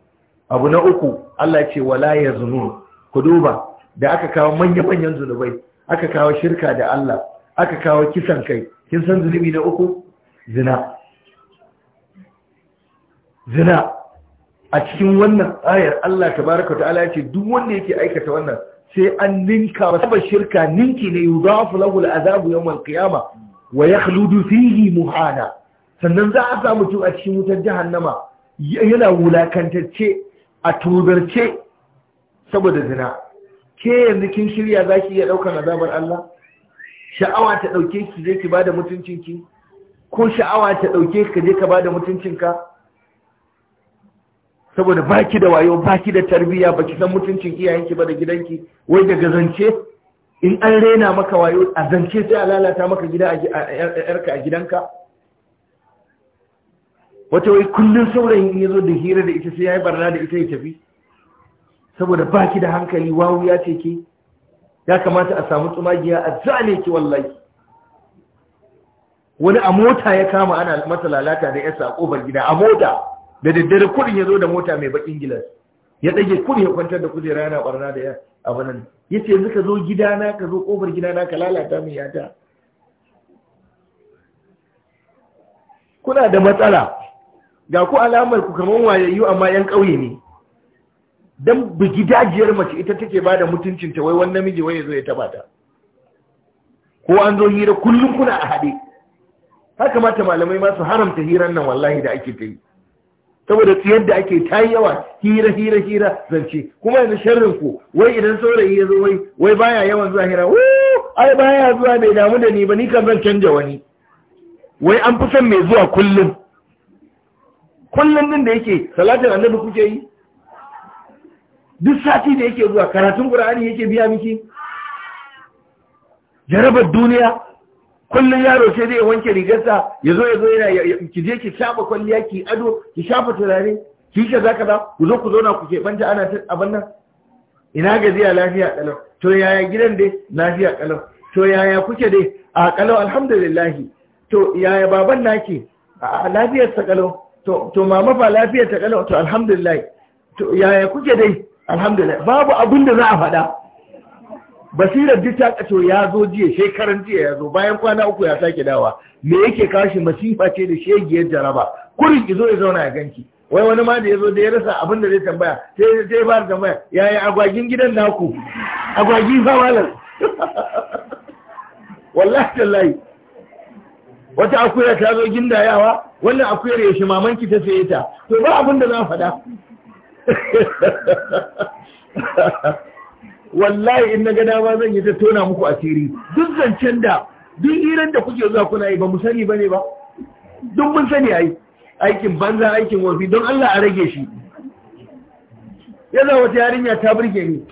[SPEAKER 1] abu na uku Allah ce wala ya zunu ku duba da aka kawo manya manyan zunubai aka kawo shirka da Allah aka kawo kisan kai kin san zunubi na uku zina zina a cikin wannan ayar Allah tabaraka ta'ala ya ce duk wanda yake aikata wannan sai an ninka masa shirka ninki ne yudafu lahu al'azabu yawmal qiyama wa yakhludu fihi muhana sannan za a samu mutum a cikin wutar jahannama yana wulakantacce a tubarce saboda zina ke yanzu kin shirya zaki iya ɗaukar azabar Allah sha'awa ta ɗauke ki je ki da mutuncinki ko sha'awa ta ɗauke ka je ka bada mutuncinka saboda baki da wayo baki da tarbiyya baki san mutuncin iyayenki ba da gidanki wai daga zance in an rena maka wayo a zance sai a lalata maka gida a yarka a gidanka wata wai kullum saurayin ya zo da hira da ita sai ya yi barna da ita ya tafi saboda baki da hankali wawu ya ce ke ya kamata a samu tsumagiya a zane ki wallahi wani a mota ya kama ana masa lalata da ya a kofar gida a mota da daddare kudin ya zo da mota mai bakin gilas ya ɗage kudin ya kwantar da kujera yana barna da ya abu nan ya ce yanzu ka zo gidana ka zo ƙofar gidana ka lalata min yata kuna da matsala ga ku alamar ku kamar wayayyu amma yan kauye ne dan bi dajiyar mace ita take ba da mutuncin ta wai wani namiji wai ya zo ya taba ta ko an zo hira kullum kuna a haɗe haka mata malamai ma su haramta hiran nan wallahi da ake ta yi saboda su yadda ake ta yawa hira hira hira zance kuma yanzu sharrin ku wai idan saurayi ya zo wai wai baya yawan zuwa hira ai baya zuwa bai damu da ni ba ni kan zan canja wani wai an fi son mai zuwa kullum kullum din da yake salatin annabi kuke yi duk sati da yake zuwa karatun qur'ani yake biya miki jarabar duniya kullum yaro sai zai wanke rigarsa ya zo ya zo yana ki je ki shafa kwalliya ki ado ki shafa turare ki ka za ka ku zo ku zauna ku banta ana ta abin nan ina gajiya lafiya kalau to yaya gidan dai lafiya kalau to yaya kuke dai a kalau alhamdulillah to yaya baban naki a lafiyar ta kalau to to mama fa lafiyar ta kalau to alhamdulillah to yaya kuke dai alhamdulillah babu abin da za a faɗa basirar duk ta kaso ya zo jiya shekaran jiya ya zo bayan kwana uku ya sake dawa me yake kashi masifa ce da shegiyar jaraba kurin ki zo ya zauna ya ganki wai wani ma da ya zo da ya rasa abin da zai tambaya sai sai ya fara tambaya yaya agwagin gidan naku agwagi fa malam <laughs> wallahi tallahi wata akuya ta zo gindayawa wannan akuyar ya shi mamanki ta saye ta to ba abin da za faɗa <laughs> wallahi in na ga dama zan yi ta tona muku asiri duk zancen da duk iran da kuke zuwa kuna yi ba mu sani ba ne ba duk mun sani ai aikin banza aikin wafi don Allah a rage shi yana wata yarinya ta burge ni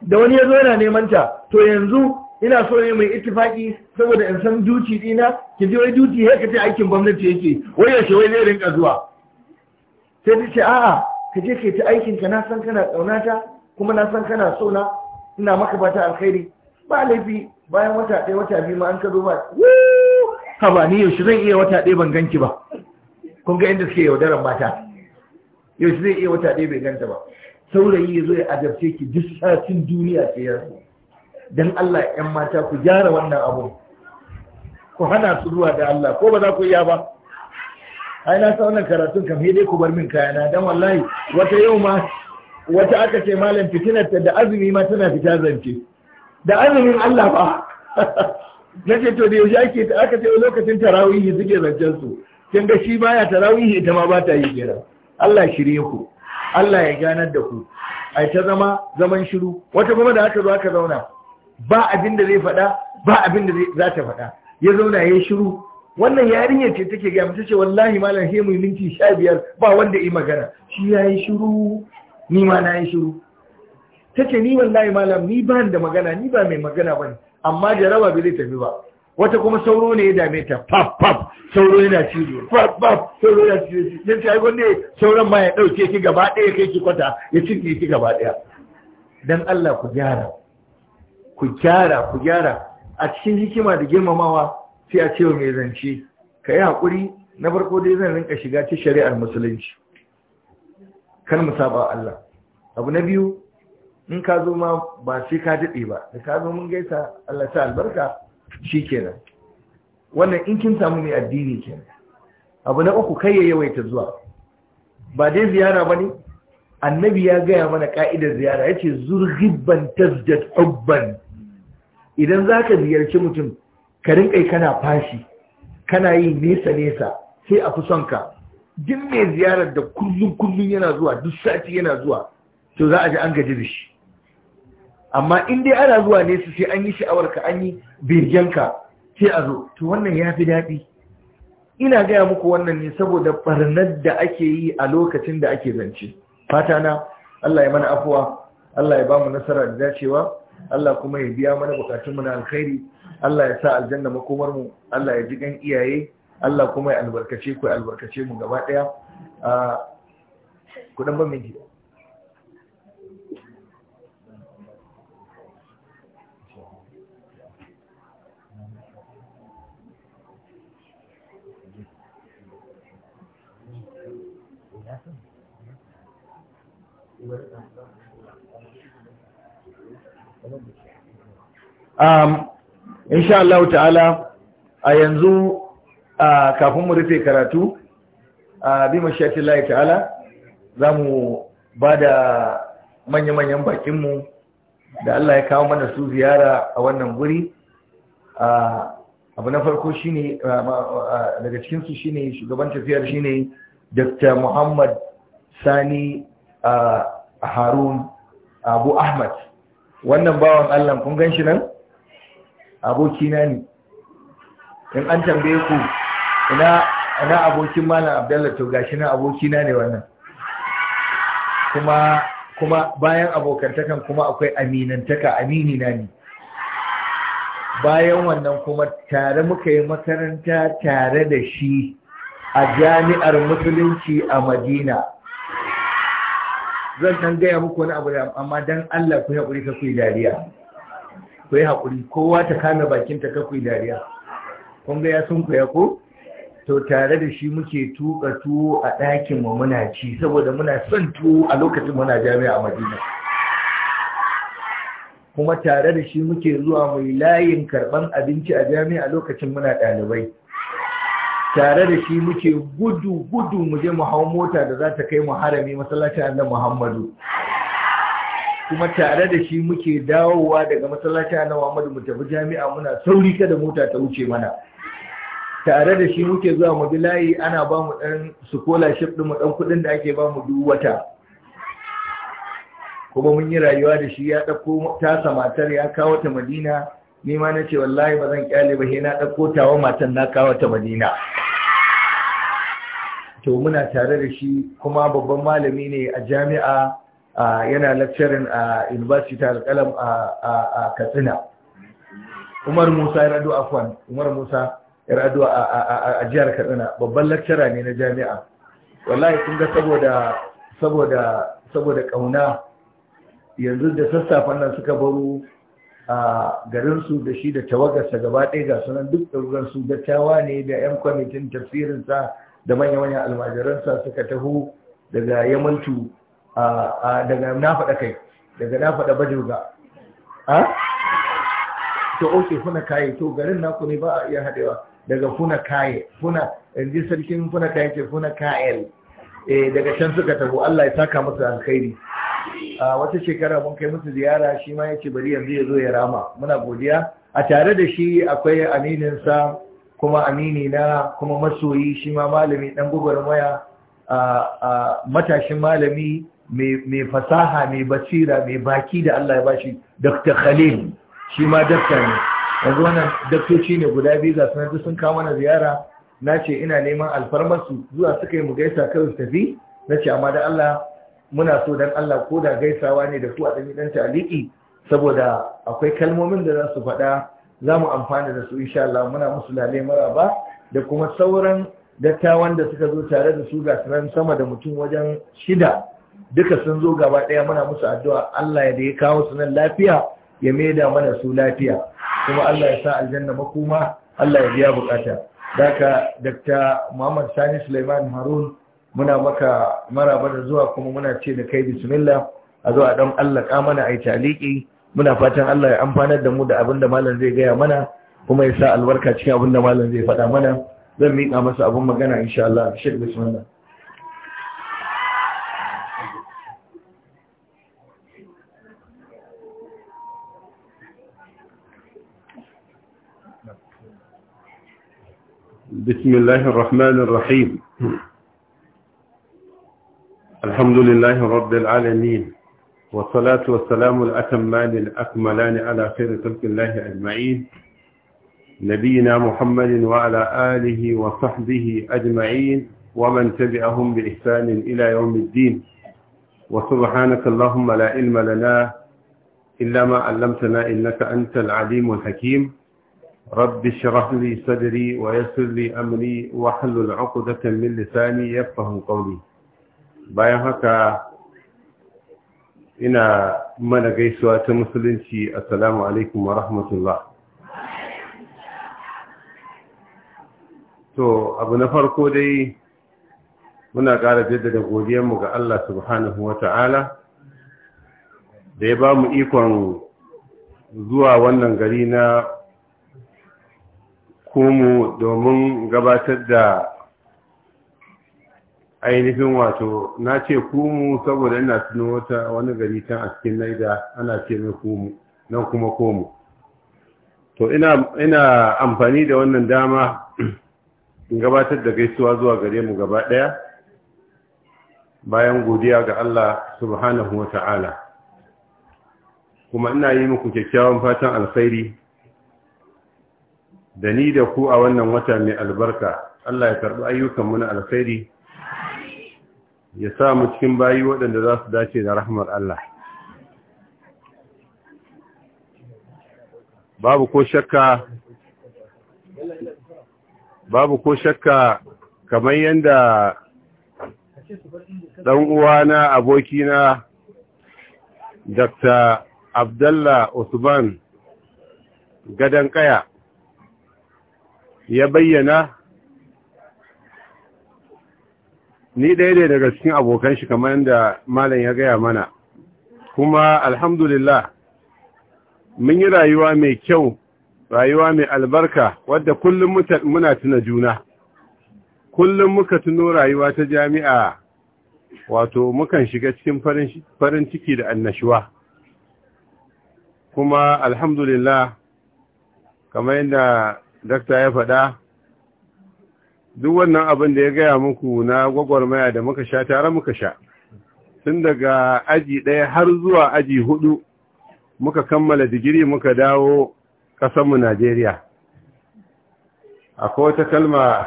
[SPEAKER 1] da wani ya zo yana neman ta to yanzu ina so ne mai ittifaki saboda in san duci dina ki je wai duci he ka ce aikin gwamnati yake wai yaushe wai zai rinka zuwa sai ta ce a'a ka je ka ta aikin ka na san kana kauna kuma na san kana so na ina maka bata alkhairi ba laifi bayan wata ɗaya wata biyu ma an ka zo ba ha ba ni yaushe zan iya wata ɗaya ban ganki ba kun ga inda suke yaudarar mata yaushe zai iya wata ɗaya bai ganta ba saurayi ya zo ya adabce ki duk satin duniya ce ya dan Allah ‘yan mata ku gyara wannan abu ku hana su zuwa da Allah ko ba za ku iya ba ai na sa wannan karatun kam dai ku bar min kaya na. Dan wallahi wata yau ma wata aka ce malam ta da azumi ma tana fita zance da azumin Allah ba <laughs> na ce to da yaushe ake aka ce lokacin tarawihi suke zancen su kin ga shi baya tarawihi ita ma ba ta yi gira Allah shirye ku Allah ya ganar da ku ai ta zama zaman shiru wata kuma da aka zo aka zauna ba abin da zai faɗa ba abin da za ta faɗa ya zauna ya shiru wannan yarinyar ce take gaya mutace ce wallahi malam he minti sha biyar ba wanda yi magana shi yayi shiru ni ma na yi shiru ta ce ni wallahi malam ni ba da magana ni ba mai magana ba ne amma jaraba bai zai tafi ba wata kuma sauro ne ya dame ta pap pap sauro yana cizo pap pap sauro yana cizo ya ce aikon sauran ma ya ɗauke ki gaba ɗaya kai ki kwata ya cinye ki gaba ɗaya dan Allah ku gyara ku gyara ku gyara a cikin hikima da girmamawa sai a ce wa mai zance ka yi haƙuri na farko dai zan rinka shiga ta shari'ar musulunci kar mu saba Allah abu na biyu in ka zo ma ba sai ka daɗe ba da ka zo mun gaisa Allah ta albarka shi kenan wannan in kin samu mai addini kenan abu na uku kai ya yawaita zuwa ba dai ziyara bane annabi ya gaya mana ka'idar ziyara ya ce zurgibban tasjad hubban idan zaka ziyarci mutum ka rinƙai kana fashi kana yi nesa-nesa sai a fi son ka duk mai ziyarar da kullum kullum yana zuwa duk sati yana zuwa to za a ji an gaji da shi amma in dai ana zuwa ne su sai an yi sha'awar ka an yi birgenka sai a zo to wannan ya fi daɗi ina gaya muku wannan ne saboda barnar da ake yi a lokacin da ake zance fata na Allah ya mana afuwa Allah ya bamu nasara da dacewa Allah kuma ya biya mana bukatunmu na alkhairi Allah ya sa aljanna makomar mu Allah ya ji gan iyaye Allah kuma ya albarkace ku ya albarkace mu gaba ɗaya. a ban miji um, insha Allah ta'ala a yanzu kafin mu rufe karatu a bima mashiyatin ta'ala za mu ba da manya-manyan bakinmu da Allah ya kawo mana su ziyara a wannan guri abu na farko shine daga cikinsu shine shugaban tafiyar shine dr muhammad sani harun abu ahmad wannan bawan allah kun gan shi nan abokina ne in an tambaye ku ina abokin malam abdallah to gashi na abokina ne wannan kuma bayan abokantakan kuma akwai aminantaka amini na ne bayan wannan kuma tare muka yi makaranta tare da shi a jami'ar musulunci a madina zan san gaya muku wani abu da amma don allah ku haƙuri ka ku dariya ku yi haƙuri kowa ta kame bakinta ka ku dariya kun ga ya sunkuya ko to tare da shi muke tuka tuwo a ɗakin mu muna ci saboda muna son tuwo a lokacin muna jami'a a Madina kuma tare da shi muke zuwa mai layin karban abinci a jami'a a lokacin muna ɗalibai tare da shi muke gudu gudu mu je mu hau mota da za ta kai mu harami masallaci annabi Muhammadu kuma tare da shi muke dawowa daga masallaci annabi Muhammadu mu tafi jami'a muna sauri kada mota ta wuce mana tare da shi muke zuwa mu bi layi ana ba mu ɗan scholarship ɗin mu ɗan kuɗin da ake ba mu duk wata kuma mun yi rayuwa da shi ya ɗauko tasa matar ya kawo ta madina ni ma na ce wallahi ba zan kyale ba na ɗauko tawa matar na kawo ta madina to muna tare da shi kuma babban malami ne a jami'a yana lecturing a university ta kalam a katsina umar musa rado afwan umar musa yar a jihar Kaduna babban lecturer ne na jami'a wallahi kun ga saboda kauna yanzu da sassafan nan suka baro a garin da shi da tawagarsa gaba ɗaya ga sunan duk ɗauran su dattawa ne da 'yan kwamitin tafsirinsa da manya-manyan almajiransa suka taho daga yamaltu daga na faɗa kai daga na faɗa bajoga a to oke kuna kayi to garin naku ne ba a iya haɗewa daga funa kaye funa yanzu sarkin funa kaye ce funa kayel eh daga can suka tafi Allah ya saka musu alkhairi a wata shekara mun kai musu ziyara shi ma yace bari yanzu ya zo ya rama muna godiya a tare da shi akwai aminin sa kuma amini na kuma masoyi shi ma malami dan gwagwarmaya a matashin malami mai fasaha mai basira mai baki da Allah ya bashi Dr. Khalil shi ma dakta ne yanzu wannan daktoci ne guda biyu ga sanar sun kawo mana ziyara na ce ina neman alfarmarsu zuwa suka yi mu gaisa kawai su tafi na ce amma da Allah muna so dan Allah ko da gaisawa ne da ku a ɗan ɗan taliki saboda akwai kalmomin da za su faɗa za mu amfana da su insha Allah muna musu lale ba. da kuma sauran dattawan da suka zo tare da su ga sanar sama da mutum wajen shida duka sun zo gaba ɗaya muna musu addu'a Allah ya da ya kawo su nan lafiya ya maida mana su lafiya kuma Allah ya sa aljanna makoma Allah ya biya bukata daka Dr. Muhammad Sani Sulaiman Harun muna maka maraba da zuwa kuma muna ce da kai bismillah a zuwa dan allaka mana ai taliki muna fatan Allah ya amfanar da mu da abin da malam zai gaya mana kuma ya sa albarka cikin abin da malam zai faɗa mana zan miƙa masa abin magana insha Allah shek bismillah
[SPEAKER 2] بسم الله الرحمن الرحيم الحمد لله رب العالمين والصلاة والسلام الأتمان الأكملان على خير خلق الله أجمعين نبينا محمد وعلى آله وصحبه أجمعين ومن تبعهم بإحسان إلى يوم الدين وسبحانك اللهم لا علم لنا إلا ما علمتنا إنك أنت العليم الحكيم رب اشرح لي صدري ويسر لي أمري واحلل عقدة من لساني يفقه قولي bayan haka ina mana gaisuwa ta musulunci assalamu alaikum wa rahmatullah to abu na farko dai muna ƙara jaddada godiyarmu ga Allah subhanahu wa ta'ala da ya ba mu ikon zuwa wannan gari na komo domin gabatar da ainihin wato na ce kumu saboda ina tuno wata wani gari can a cikin naida ana ce mai kumu nan kuma komu to ina amfani da wannan dama <clears throat> in gabatar da gaisuwa zuwa gare mu gaba ɗaya bayan godiya ga Allah subhanahu wa ta'ala kuma ina yi muku kyakkyawan fatan alkhairi da ni da ku a wannan wata mai albarka Allah ya karɓi ayyukanmu na alkhairi ya sa mu cikin bayi waɗanda za su dace da rahmar Allah babu ko shakka babu ko shakka kamar yadda ɗan uwana abokina Dr. Abdallah Usman gadan kaya ya bayyana ni ɗaya ne daga cikin abokan shi kamar yadda malam ya gaya mana kuma alhamdulillah mun yi rayuwa mai kyau rayuwa mai albarka wadda kullum muna tuna juna kullum muka tuno rayuwa ta jami'a wato mukan shiga cikin farin ciki da annashuwa kuma alhamdulillah kamar yadda dakta ya faɗa duk wannan abin da ya gaya muku na gwagwarmaya da muka sha tare muka sha tun daga aji ɗaya har zuwa aji hudu muka kammala digiri muka dawo ƙasanmu najeriya akwai wata kalma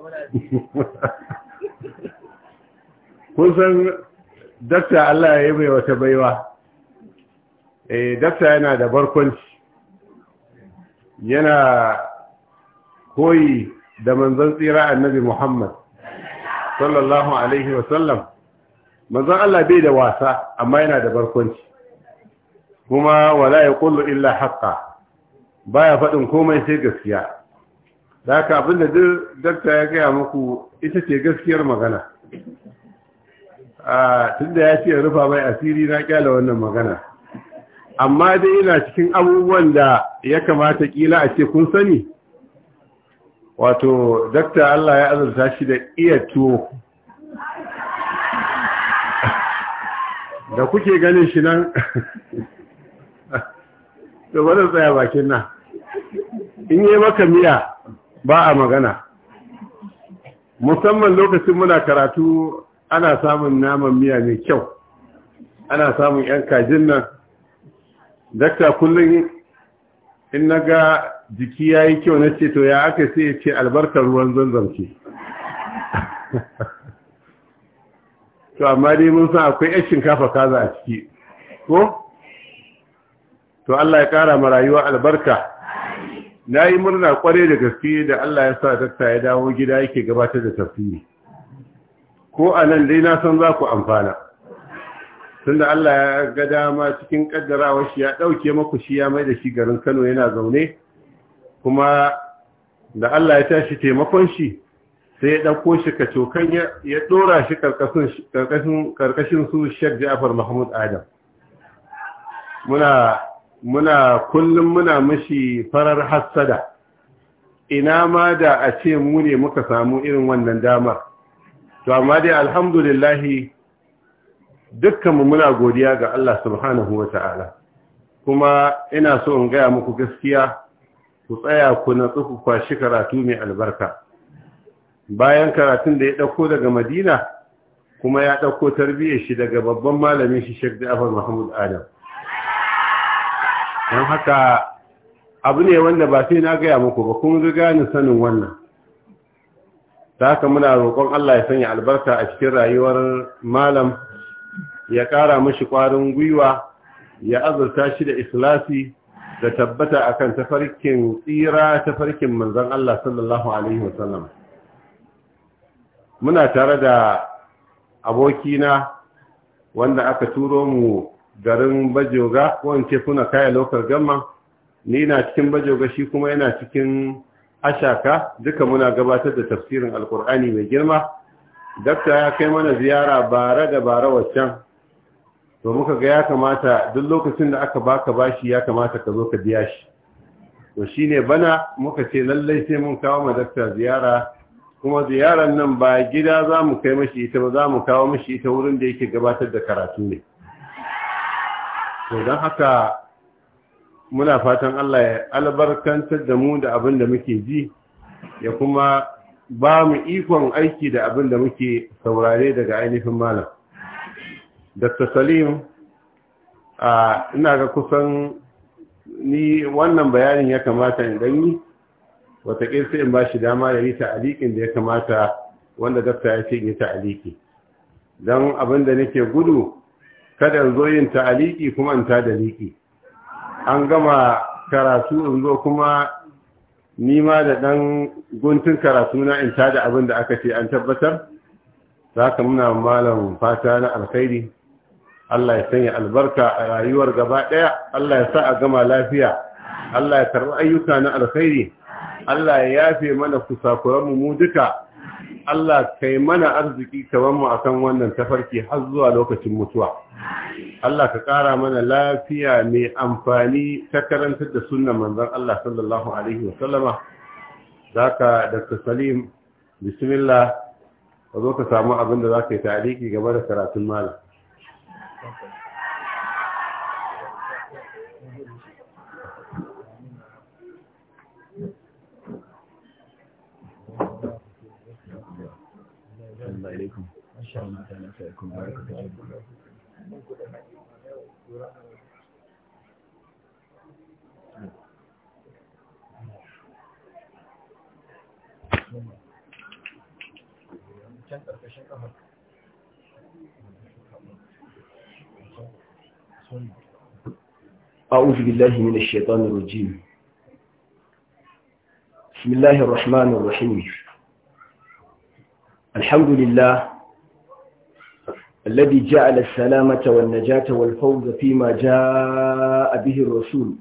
[SPEAKER 3] <laughs>
[SPEAKER 2] kun san dakta allah ya yi mai wata baiwa eh dakta yana da barkwanci yana koyi da manzon tsira annabi Muhammad sallallahu alaihi wa sallam manzon Allah bai da wasa amma yana da barkwanci kuma wala kullu illa haqqan baya fadin komai sai gaskiya da haka abinda duk dakta ya gaya muku ita ce gaskiyar magana a ah, tunda ya ce rufa mai asiri na kyala wannan magana amma dai yana cikin abubuwan da ya kamata kila a ce kun sani wato dakta Allah ya azurta shi da iya tuwo da kuke ganin shi nan da <laughs> wadda tsaya bakin nan in yi maka miya ba a magana musamman lokacin muna karatu ana samun naman miya mai kyau ana samun 'yan kajin nan dakta kullum in na ga jiki ya yi kyau na ce to ya aka sai ya ce albarkar ruwan zanzan ce <laughs> to amma dai mun san akwai yan shinkafa kaza a ciki ko to Allah ya kara ma rayuwa albarka na yi murna kware da gaske da Allah ya sa dakta ya dawo gida yake gabatar da tafiye ko a nan dai na san za ku amfana tunda Allah ya ga dama cikin kaddarawa shi ya dauke maku shi ya mai da shi garin Kano yana zaune kuma da Allah ya tashi taimakon shi sai ya dauko shi ka cokan ya dora shi karkashin karkashin karkashin su Sheikh Ja'far Mahmud Adam muna muna kullum muna mishi farar hassada ina ma da a ce mu ne muka samu irin wannan damar to amma dai alhamdulillah dukkanmu muna godiya ga Allah subhanahu wa ta'ala kuma ina so in gaya muku gaskiya ku tsaya ku natsu ku kwashi karatu mai albarka bayan karatun da ya ɗauko daga madina kuma ya ɗauko tarbiyyar shi daga babban malamin shi Sheikh ja'afar mahmud adam don haka abu ne wanda ba sai na gaya muku ba kun zai ni sanin wannan ta haka muna roƙon Allah ya sanya albarka a cikin rayuwar malam ya ƙara mashi ƙwarin gwiwa ya azurta shi da ikhlasi da tabbata akan tafarkin tsira tafarkin manzon Allah sallallahu alaihi wasallam muna tare da abokina wanda aka turo mu garin bajoga ko kuna kaya lokar gama. ni na cikin bajoga shi kuma yana cikin ashaka duka muna gabatar da tafsirin alkur'ani mai girma dakta ya kai mana ziyara bara da bara waccan to muka ga ya kamata duk lokacin da aka baka bashi ya kamata ka zo ka biya shi to shine bana muka ce lallai sai mun kawo ma dakta ziyara kuma ziyarar nan ba gida za mu kai mashi ita ba za mu kawo mashi ita wurin da yake gabatar da karatu ne to don haka muna fatan Allah ya albarkantar da mu da abin da muke ji ya kuma ba mu ikon aiki da abin da muke saurare daga ainihin malam dr salim ina ga kusan ni wannan bayanin ya kamata in gani wataƙil sai in ba shi dama ya yi ta'alikin da ya kamata wanda dafta ya ce yi ta'aliki. don abin da nake gudu kada zo yin ta'aliki kuma in ta da liƙi an gama karatu in zo kuma nima da ɗan guntun karatu na in ta da abin da aka ce an tabbatar za ka muna malam fata na alkhairi Allah ya sanya albarka a rayuwar gaba ɗaya Allah ya sa a gama lafiya Allah ya karɓi ayyuka na alkhairi Allah ya yafe mana kusakuranmu mu duka Allah kai mana arziki kamar mu akan wannan tafarki har zuwa lokacin mutuwa Allah ka ƙara mana lafiya mai amfani ta karantar da sunnan manzon Allah sallallahu alaihi wa sallama ka, Dr. Salim bismillah ka zo ka samu abin da zaka yi tariki game da karatun malam
[SPEAKER 3] أعوذ
[SPEAKER 4] بالله من الشيطان الرجيم بسم الله الرحمن الرحيم الحمد لله الذي جعل السلامة والنجاة والفوز فيما جاء به الرسول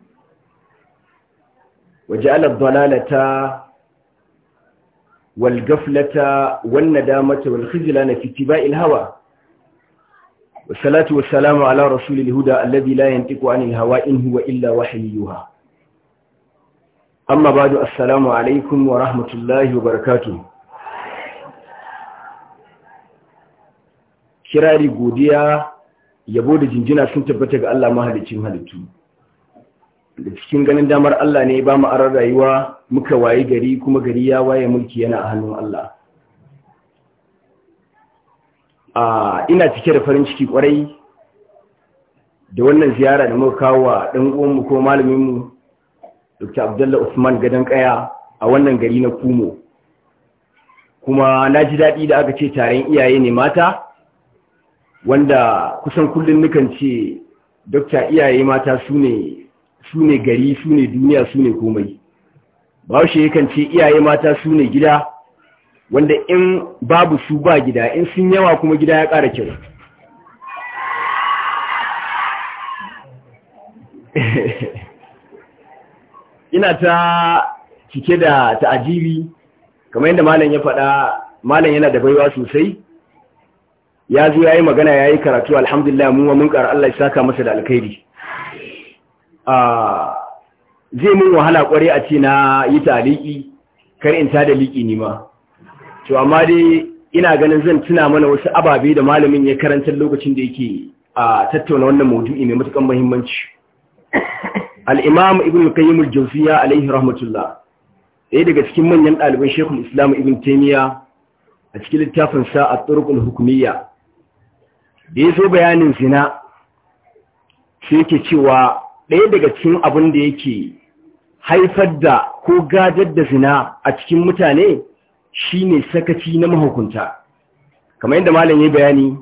[SPEAKER 4] وجعل الضلالة والقفلة والندامة والخزلان في اتباع الهوى والصلاة والسلام على رسول الهدى الذي لا ينطق عن الهوى إن هو إلا وحيها أما بعد السلام عليكم ورحمة الله وبركاته kirari godiya yabo da jinjina sun tabbata ga Allah mahalicin halittu da cikin ganin damar Allah ne ba mu arar rayuwa muka waye gari kuma gari ya waye mulki yana a hannun Allah a ina cike da farin ciki kwarai da wannan ziyara da muka kawo wa dan mu ko malamin mu Dr. Abdullah Usman Gadan Kaya a wannan gari na Kumo kuma na ji daɗi da aka ce taron iyaye ne mata wanda kusan kullum nukan ce dokta iyaye mata su ne gari su ne duniya su ne komai bahaushe yakan ce iyaye mata su ne gida wanda in babu su ba gida in sun yawa kuma gida ya kara kyau <laughs> ina ta cike da ta'ajibi kamar yadda malam ya faɗa malam yana da baiwa sosai ya zo ya yi magana ya yi karatu alhamdulillah mu mun ƙara Allah ya saka masa da alkhairi zai mun wahala ƙware a ce na yi taliki kar in ta da liki ni ma to amma dai ina ganin zan tuna mana wasu ababe da malamin ya karanta lokacin da yake a tattauna wannan maudu'i mai matukan muhimmanci al-imam ibn qayyim al-jawziyya alayhi rahmatullah ɗaya daga cikin manyan ɗaliban shekul islam ibn taimiyya a cikin littafin sa a al hukumiyya da ya zo bayanin zina sai yake cewa ɗaya daga cikin abin da yake haifar da ko gadar da zina a cikin mutane shine sakaci na mahukunta kamar yadda malam ya bayani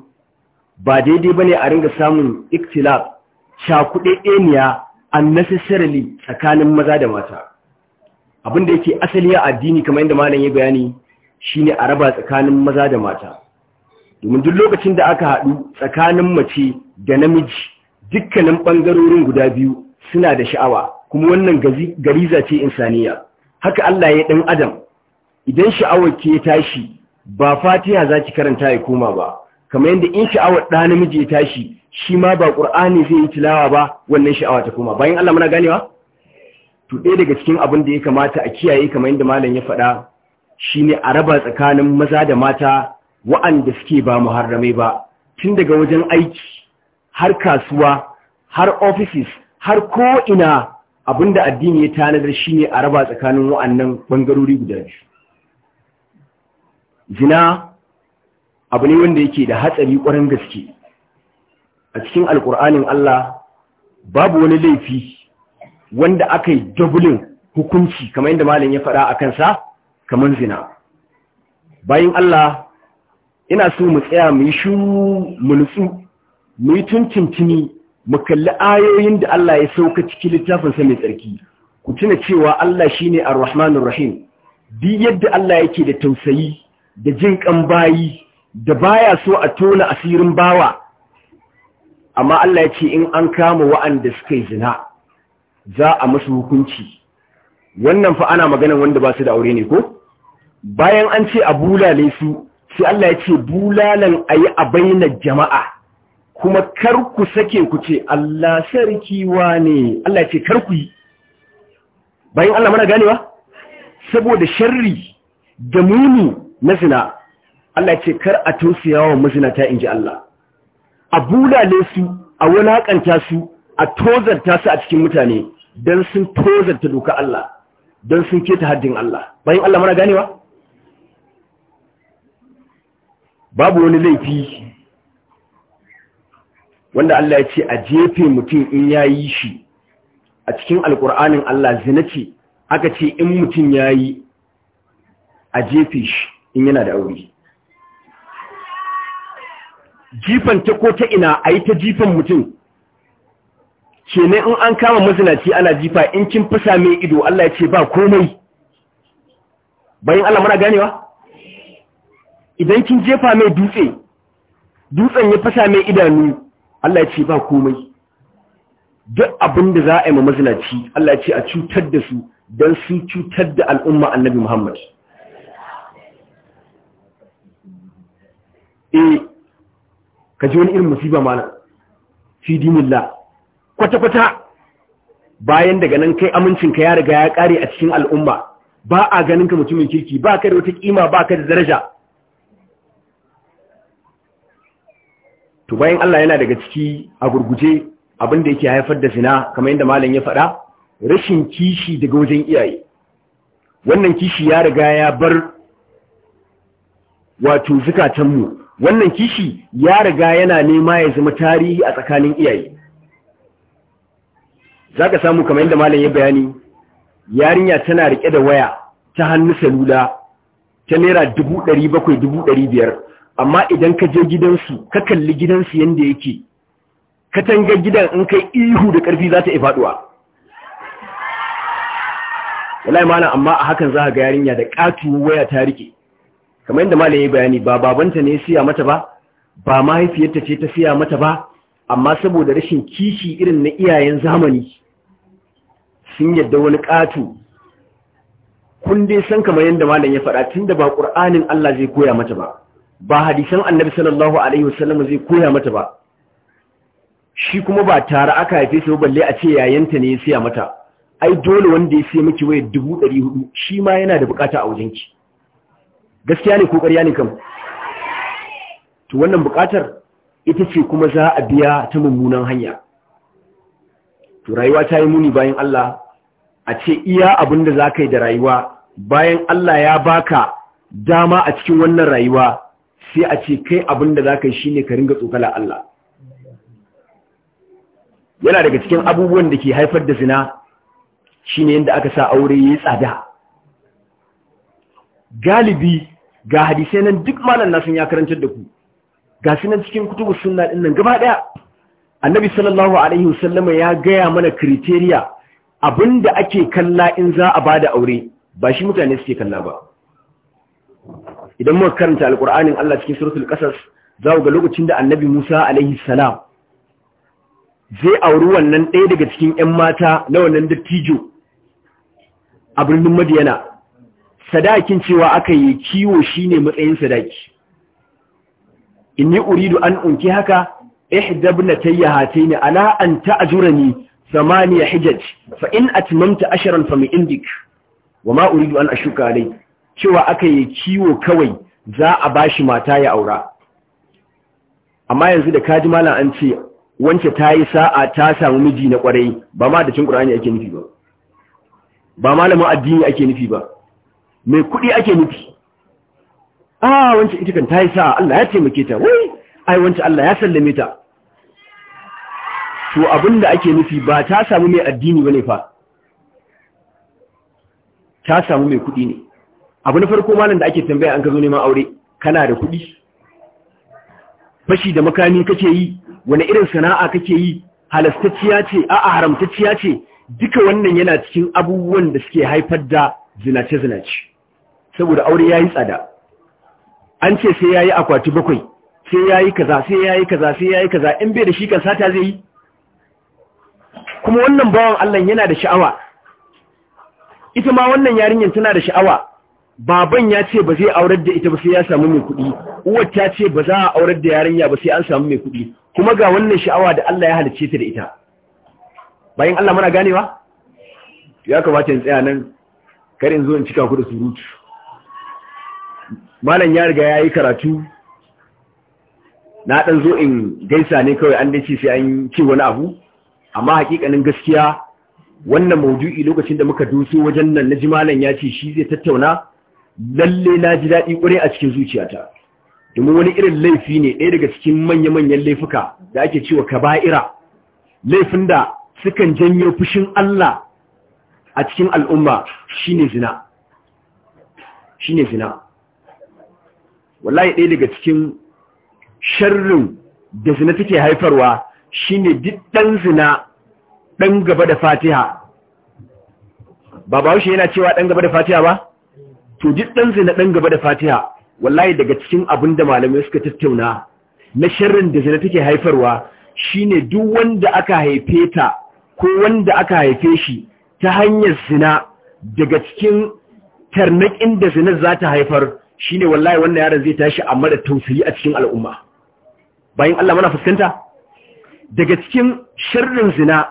[SPEAKER 4] ba daidai bane a ringa samun iktilaf cakuɗeɗeniya unnecessarily tsakanin maza da mata abin da yake asali a addini kamar yadda malam ya bayani shine a raba tsakanin maza da mata domin duk lokacin da aka haɗu tsakanin mace da namiji dukkanin ɓangarorin guda biyu suna da sha'awa kuma wannan gariza ce insaniya haka Allah ya ɗan adam idan sha'awar ke tashi ba fatiha za ki karanta ya koma ba kamar yadda in sha'awar ɗa namiji ya tashi shi ma ba ƙur'ani zai yi tilawa ba wannan sha'awa ta koma bayan Allah muna ganewa to ɗaya daga cikin abin da ya kamata a kiyaye kamar yadda malam ya faɗa shine a raba tsakanin maza da mata wa'anda suke ba muharramai ba tun daga wajen aiki har kasuwa har offices har ko'ina da addini ya tanadar shi ne a raba tsakanin wa'annan ɓangarori guda biyu zina abu ne wanda yake da hatsari ƙwarin gaske a cikin alƙur'anin Allah babu wani laifi wanda aka yi dubulin hukunci kamar yadda malam ya faɗa a kansa kamar zina bayan Allah ina so mu tsaya mu yi shuru mu nutsu mu yi tuntuntuni mu kalli ayoyin da Allah ya sauka cikin littafin sa mai tsarki ku tuna cewa Allah shine Ar-Rahmanur Rahim bi yadda Allah yake da tausayi da jin kan bayi da baya so a tona asirin bawa amma Allah ya ce in an kama wa'anda suka yi zina za a musu hukunci wannan fa ana magana wanda ba su da aure ne ko bayan an ce a bulale su sai Allah ya ce bulalan a yi a bainar jama'a kuma kar ku sake ku ce Allah sarki ne. Allah ya ce kar ku yi bayan Allah mana ganewa saboda sharri da muni na zina Allah ya ce kar a tausaya wa mazinata inji Allah a bulale su a haƙanta su a tozarta su a cikin mutane don sun tozarta doka Allah don sun keta haddin Allah bayan Allah mana ganewa babu wani laifi wanda Allah ya ce a jefe mutum in ya yi shi a cikin alkur'anin Allah zina ce aka ce in mutum ya yi a jefe shi in yana da aure jifan ta ko ta ina a yi ta jifan mutum ke ne in an kama mazinaci ana jifa in kin fasa mai ido Allah ya ce ba komai bayan Allah mana ganewa idan kin jefa mai dutse dutsen ya fasa mai idanu Allah ya ce ba komai duk abin za a yi ma mazinaci Allah ya ce a cutar da su don su cutar da al'umma annabi Muhammad e ka ji wani irin musiba mana fi dinillah kwata-kwata bayan daga nan kai amincinka ya riga ya kare a cikin al'umma ba a ganin ka mutumin kirki ba ka da wata kima ba ka da daraja to bayan Allah yana daga ciki a gurguje abin da yake haifar da zina kamar yadda malam ya faɗa rashin kishi daga wajen iyaye wannan kishi ya riga ya bar wato zukatanmu wannan kishi ya riga yana nema ya zama tarihi a tsakanin iyaye za ka samu kamar yadda malam ya bayani yarinya tana rike da waya ta hannu salula ta naira dubu ɗari bakwai dubu ɗari biyar amma idan ka je gidansu ka kalli gidansu yadda yake katanga gidan in kai ihu da ƙarfi za ta yi faɗuwa wallahi malam amma a hakan za a ga yarinya da ƙatu waya ta rike kamar yadda malam ya bayani ba babanta ne siya mata ba ba mahaifiyarta ce ta siya mata ba amma saboda rashin kishi irin na iyayen zamani sun yadda wani ƙatu kun dai san kamar yadda malam ya faɗa tun da ba ƙur'anin Allah zai koya mata ba ba hadisan annabi sallallahu alaihi wasallam zai koya mata ba shi kuma ba tare aka haife ba balle a ce yayanta ne ya siya mata ai dole wanda ya siya miki waya dubu ɗari shi ma yana da bukata a wajenki gaskiya ne ko ƙarya ne kam to wannan bukatar ita ce kuma za a biya ta mummunan hanya to rayuwa ta yi muni bayan Allah a ce iya abun da za ka yi da rayuwa bayan Allah ya baka dama a cikin wannan rayuwa sai a ce kai abin da za ka yi shi ne ka ringa tsokala Allah yana daga cikin abubuwan da ke haifar da zina shi ne yadda aka sa aure ya yi tsada galibi ga hadisai nan duk malam nasun ya karantar da ku ga su nan cikin kutubu suna ɗin nan gaba ɗaya annabi sallallahu alaihi wasallama ya gaya mana kriteriya abin da ake kalla in za a ba da aure ba shi mutane suke kalla ba idan muka karanta alkur'anin Allah cikin suratul qasas za ku ga lokacin da annabi Musa alaihi salam zai auri wannan ɗaya daga cikin ƴan mata na wannan dattijo a birnin Madiyana sadakin cewa aka yi kiwo shine matsayin sadaki inni uridu an unki haka ihdabnatayya hataini ala an ta'jurani in حجج فإن أتممت أشرا indik عندك وما Uridu أن أشك عليك cewa aka yi kiwo kawai za a bashi mata ya aura amma yanzu da kaji malam an ce wance ta yi sa'a ta samu miji na kwarai ba ma da cin ƙur'ani ake nufi ba ba malamin addini ake nufi ba mai kuɗi ake nufi a wance ita kan ta yi sa'a Allah ya taimake ta wai ai wance Allah ya sallame ta to abin da ake nufi ba ta samu mai addini ba ne fa ta samu mai kuɗi ne abu na farko malam da ake tambaya an ka zo neman aure kana da kuɗi fashi da makami kake yi wani irin sana'a kake yi halastacciya ce a'a haramtacciya ce duka wannan yana cikin abubuwan da suke haifar da zinace-zinace saboda aure ya yi tsada an ce sai ya yi akwati bakwai sai ya yi kaza sai ya yi kaza sai ya yi kaza in bai da shi kan sata zai yi kuma wannan bawan Allah yana da sha'awa ita ma wannan yarinyar tana da sha'awa baban ya ce ba zai aurar da ita ba sai ya samu mai kuɗi uwar ta ce ba za a aurar da yarinya ba sai an samu mai kuɗi kuma ga wannan sha'awa da Allah ya halicce ta da ita bayan Allah muna ganewa ya kamata in tsaya nan kar in zo in cika ku da surutu malam ya riga yayi karatu na dan zo in gaisa ne kawai an dace sai an ce wani abu amma hakikanin gaskiya wannan maudu'i lokacin da muka duso wajen nan na ji malam ya ce shi zai tattauna lalle na ji daɗi ƙwarai a cikin zuciyata domin wani irin laifi ne ɗaya daga cikin manya-manyan laifuka da ake cewa kaba'ira laifin da sukan janyo fushin Allah a cikin al'umma shine zina ne zina wallahi ɗaya daga cikin sharrin da zina take haifarwa shine duk ɗan zina ɗan gaba da fatiha ba ba yana cewa ɗan gaba da fatiha ba to duk ɗan zina ɗan gaba da fatiha wallahi daga cikin abin da malamai suka tattauna na sharrin da zina take haifarwa shine duk wanda aka haife ta ko wanda aka haife shi ta hanyar zina daga cikin tarnaƙin da zina za ta haifar shine wallahi wannan yaron zai tashi a mara tausayi a cikin al'umma bayan Allah mana fuskanta daga cikin sharrin zina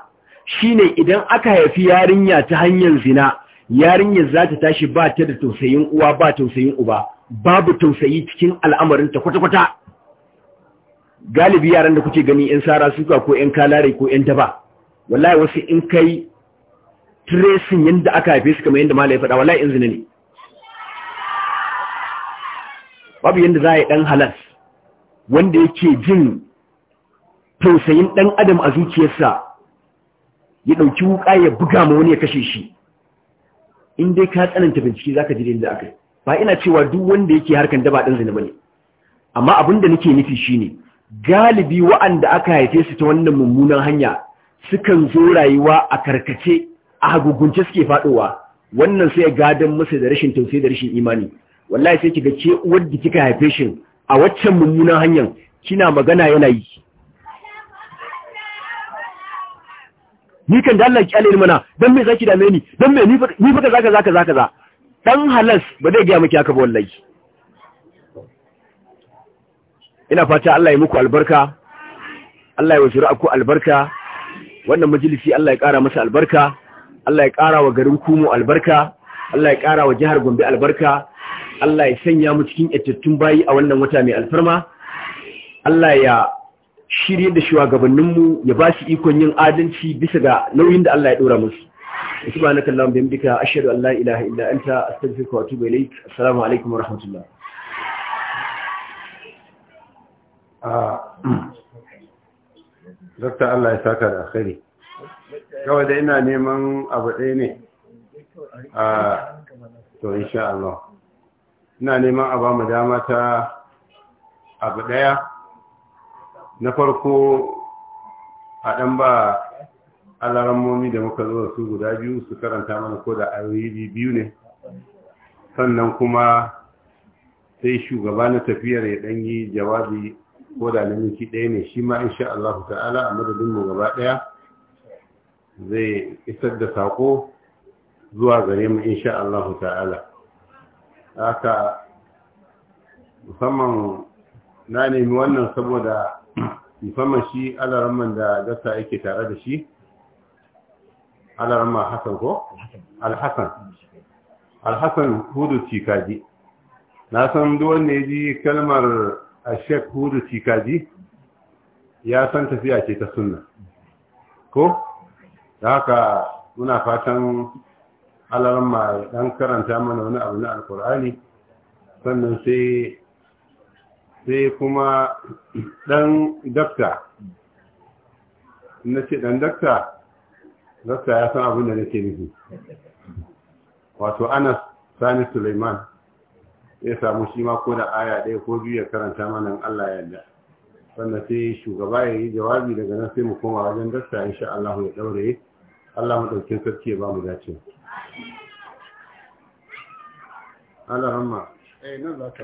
[SPEAKER 4] shine idan aka haifi yarinya ta hanyar zina yarinyar za ta tashi ba ta da tausayin uwa ba tausayin uba babu tausayi cikin al'amarinta kwata-kwata galibi yaran da kuke gani 'yan sara suka ko 'yan kalare ko 'yan daba wallahi wasu in kai tracing yadda aka haife su kamar yadda mala ya faɗa wallahi in zina ne babu yadda za a yi ɗan halas wanda yake jin tausayin ɗan adam a zuciyarsa ya ɗauki wuƙa ya buga ma wani ya kashe shi in dai ka tsananta bincike zaka ji da akai ba ina cewa duk wanda yake harkan daba dan zina bane amma abin da nake nufi shine galibi wa'anda aka haife su ta wannan mummunan hanya sukan zo rayuwa a karkace a hagugunce suke faɗowa, wannan sai gadan musu da rashin tausayi da rashin imani wallahi sai kiga ce uwar da kika haife shi a waccan mummunan hanyar kina magana yana yi ni kan da Allah ki mana dan me zaki dame ni dan me ni fa zaka zaka zaka za. dan halas ba zai gaya miki haka ba wallahi ina fata Allah ya muku albarka Allah ya wasira ku albarka wannan majalisi Allah ya kara masa albarka Allah ya ƙara wa garin Kumo albarka Allah ya ƙara wa jihar Gombe albarka Allah ya sanya mu cikin ittattun bayi a wannan wata mai alfarma Allah ya shirye da shugabanninmu ya ba shi ikon yin adalci bisa ga nauyin da Allah ya ɗora musu. Subhanaka Allahumma bihamdika ashhadu an la ilaha illa anta astaghfiruka wa atubu ilaik. Assalamu alaikum wa rahmatullah.
[SPEAKER 2] Ah, Dokta Allah ya saka da alkhairi. Kawai da ina neman abu ɗaya ne. Ah, to insha Allah. Ina neman a ba mu dama ta abu ɗaya. na farko a ɗan ba alarammomi da muka zo su guda biyu su karanta mana ko da ayoyi biyu ne sannan kuma sai shugaba na tafiyar ya ɗan jawabi ko da namiki ɗaya ne shi ma insha Allah ta'ala a madadin mu gaba ɗaya zai isar da saƙo zuwa gare mu insha Allah ta'ala haka musamman na nemi wannan saboda musamman shi alaramman da dasta yake tare da shi alaramman hassan ko? alhassan alhassan hudu cikaji na san duwan ne ji kalmar a hudu cikaji ya san tafiya ce ta suna. ko? da haka muna fatan alarma dan karanta mana wani abu na alkur'ani sannan sai sai kuma ɗan dakta na ce ɗan dakta dakta ya san abin da nake nufi wato ana sani suleiman ya samu shi ma ko da aya ɗaya ko biyu ya karanta mana allah yadda sannan sai shugaba ya yi jawabi daga nan sai mu koma wajen dakta insha Allah ya ɗaure allah mu sarki ya ba mu dace Allah rahma eh nan za ka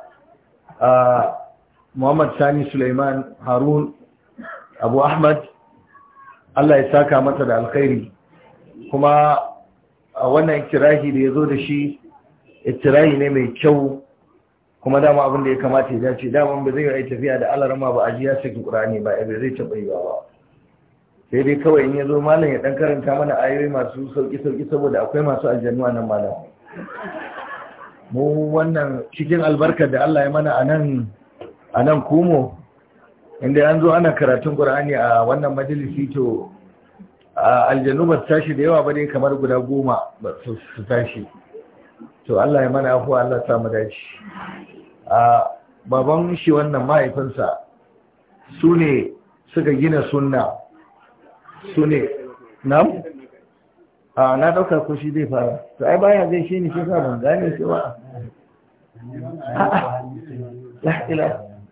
[SPEAKER 1] Muhammad Sani Suleiman Harun Abu Ahmad Allah ya saka mata da alkhairi kuma a wannan ikirahi da ya zo da shi ikirahi ne mai kyau kuma dama abin da ya kamata ya dace dama ba zai yi tafiya da alarma ba a ji ya saki ƙurani ba ba zai taɓa yi ba sai dai kawai in ya zo malam ya ɗan karanta mana ayoyi masu sauƙi-sauƙi saboda akwai masu aljannu nan malam mu wannan cikin albarkar da Allah ya mana a nan kumo inda an zo ana karatun ƙur'ani a wannan majalisi to aljanu ba su tashi da yawa ba ne kamar guda goma ba su tashi to Allah ya mana afuwa Allah samu dace baban shi wannan mahaifinsa su ne suka gina sunna su ne nam a na ɗauka ko shi zai fara to ai baya zai shi ne shi sa ban gane shi ba ila,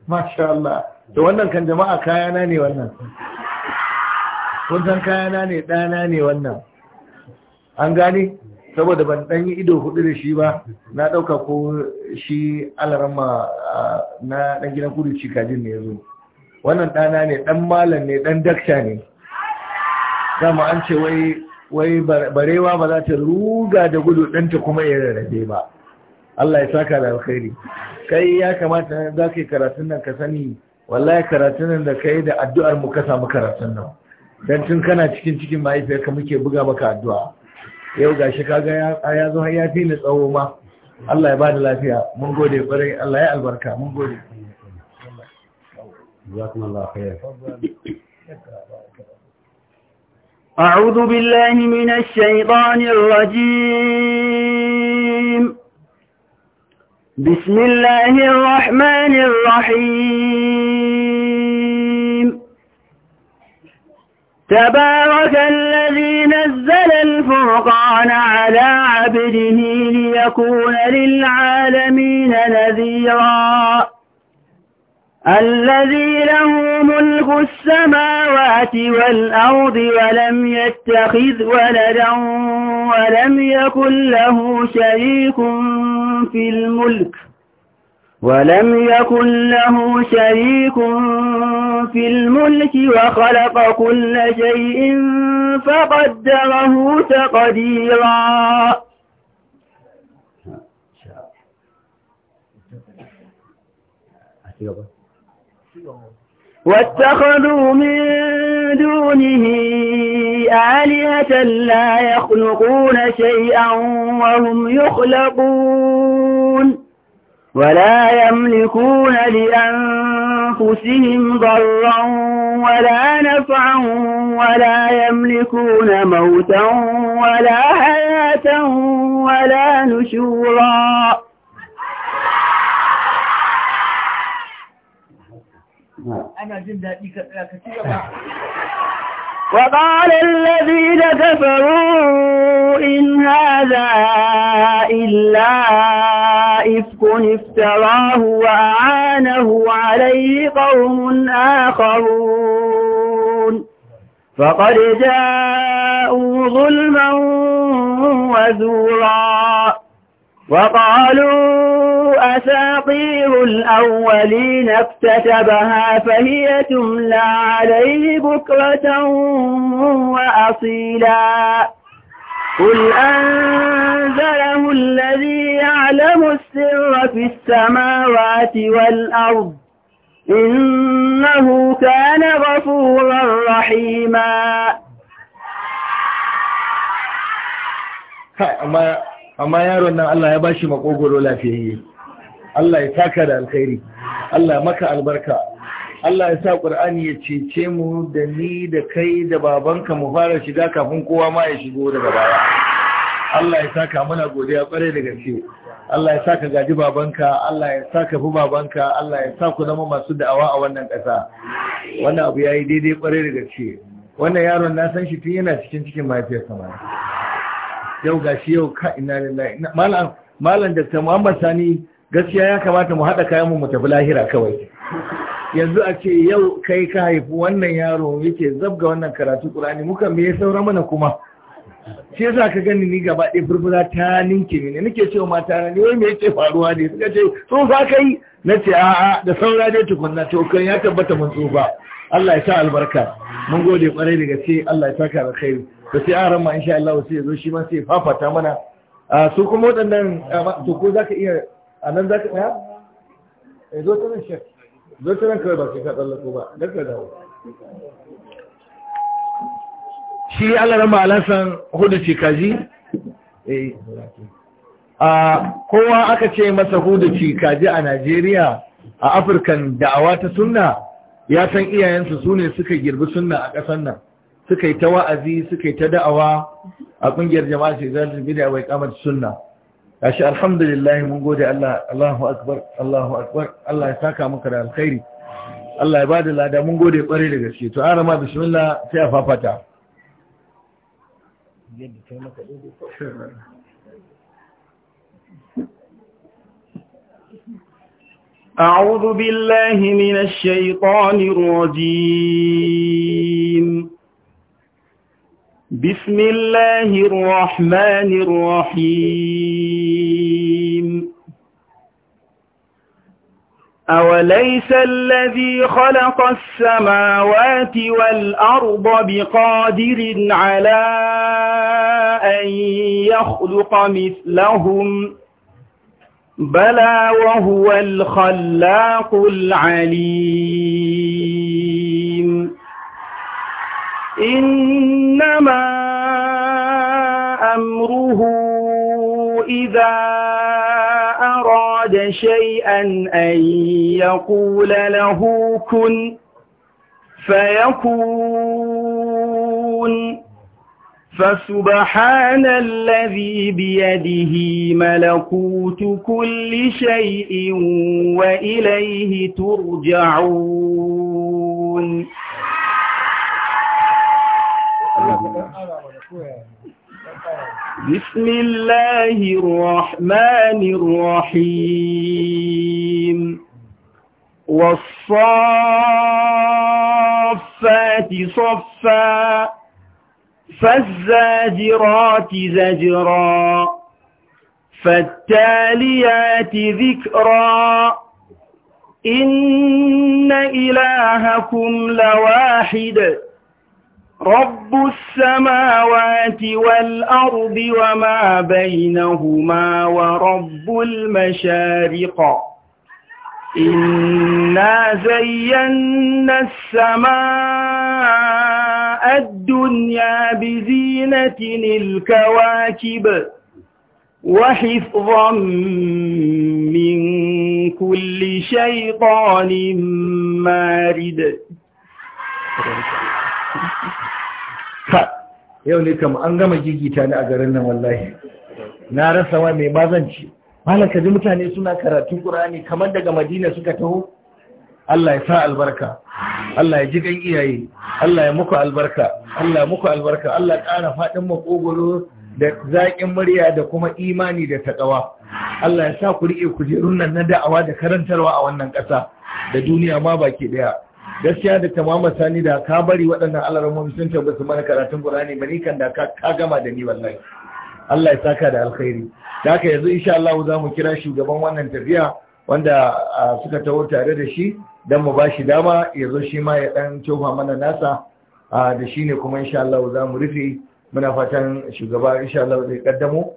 [SPEAKER 1] masha Allah da wannan kan jama'a kayana ne wannan san kayana ne ɗana ne wannan an gani? saboda ban ɗan yi ido hudu da shi ba na ɗauka ko shi alarama na ɗan gidan kudu cikajin ne ya zo wannan ɗana ne ɗan malam ne ɗan daksha ne dama an ce wai barewa ba za ta ruga da gudu ɗanta kuma ya rarrabe ba Allah ya saka da alkhairi kai ya kamata za ka yi karatun nan ka sani wallahi karatun nan da ka yi da addu'ar mu ka samu karatun nan dan tun kana cikin cikin mahaifiyar ka muke buga maka addu'a yau gashi kaga ya ya zo har ya fi ni tsawo ma Allah ya ba da lafiya mun gode kwarai Allah ya albarka mun gode
[SPEAKER 5] أعوذ بالله من الشيطان الرجيم بسم الله الرحمن الرحيم تبارك الذي نزل الفرقان على عبده ليكون للعالمين نذيراً الذي له ملك السماوات والأرض ولم يتخذ ولدا ولم يكن له شريك في الملك ولم يكن له شريك في الملك وخلق كل شيء فقدره تقديرا Thank you. واتخذوا من دونه آلهة لا يخلقون شيئا وهم يخلقون ولا يملكون لأنفسهم ضرا ولا نفعا ولا يملكون موتا ولا حياة ولا نشورا وقال الذين كفروا إن هذا إلا إفك افتراه وأعانه عليه قوم آخرون فقد جاءوا ظلما وزورا وقالوا أساطير الأولين اكتتبها فهي تملى عليه بكرة وأصيلا قل أنزله الذي يعلم السر في السماوات والأرض إنه كان غفورا رحيما
[SPEAKER 1] amma yaron nan Allah ya ba shi makogoro lafiyayye Allah ya taka da alkhairi Allah maka albarka Allah ya sa Qur'ani ya cece mu da ni da kai da babanka mu fara shiga kafin kowa ma ya shigo daga baya Allah ya saka muna godiya kwarai da gaske Allah ya saka gaji babanka Allah ya saka fi babanka Allah ya saka ku zama masu da'awa a wannan kasa. wannan abu yayi daidai kwarai da gaske wannan yaron na san shi tun yana cikin cikin mahaifiyarsa ma yau ga shi yau ka ina lillahi malam malam ta Muhammad Sani gaskiya ya kamata mu haɗa kayan mu mu tafi lahira kawai yanzu a ce yau kai ka haifu wannan yaro yake zabga wannan karatu ƙur'ani muka me ya saura mana kuma shi yasa ka gani ni gaba ɗaya furfura ta ninke ni ne nake cewa mata na ni wai me yake faruwa ne suka ce tsufa kai na ce a'a da saura dai tukunna to kan ya tabbata mun tsufa Allah ya sa albarka mun gode kwarai da gaske Allah ya saka alkhairi da sai aran ma insha Allah sai zo shi ma sai fafata mana su kuma waɗannan to ko zaka iya a nan zaka tsaya eh zo ta nan shek zo ta nan kawai ba sai ka tsallako ba da ka dawo shi Allah ran ma alasan hudu ce kaji eh kowa aka ce masa hudu ce kaji a Najeriya a Afirkan da'awa ta sunna ya san iyayensu su ne suka girbi sunna a ƙasar nan suka yi ta wa'azi suka yi ta da'awa a ƙungiyar jama'a ce za su bida wai kamar sunna shi alhamdulillah mun gode Allah Allahu akbar Allahu akbar Allah ya saka maka da alkhairi Allah ya ba da lada mun gode kwarai da gaske to an rama bismillah sai a fafata
[SPEAKER 5] أعوذ بالله من الشيطان الرجيم بسم الله الرحمن الرحيم أوليس الذي خلق السماوات والأرض بقادر على أن يخلق مثلهم بلى وهو الخلاق العليم إنما أمره إذا أراد شيئا أن يقول له كن فيكون فسبحان الذي بيده ملكوت كل شيء وإليه ترجعون بسم الله الرحمن الرحيم والصافات صفا فالزاجرات زجرا فالتاليات ذكرا إن إلهكم لواحد رب السماوات والأرض وما بينهما ورب المشارق إنا زينا السماء الدنيا بزينة الكواكب وحفظا من كل شيطان
[SPEAKER 1] مارد yau ne kama. an gama gigita ni a garin nan wallahi na rasa wa mai bazanci malam kaji mutane suna karatun qur'ani kamar daga madina suka taho Allah ya sa albarka Allah ya ji gan iyaye Allah ya muku albarka Allah ya muku albarka Allah ya ƙara faɗin makogoro da zaƙin murya da kuma imani da taƙawa Allah ya sa ku riƙe kujerun nan na da'awa da karantarwa a wannan ƙasa da duniya ma baki ɗaya gaskiya da tamama sani da ka bari waɗannan alarmomi sun ce su mana karatun Qur'ani bane kan da ka gama da ni wallahi Allah ya saka da alkhairi da haka yanzu insha Allah za mu kira shugaban wannan tafiya wanda suka taho tare da shi dan mu bashi dama yazo shi ma ya dan tofa mana nasa da shi ne kuma insha Allah za mu rufe muna fatan shugaba insha Allah zai kaddamo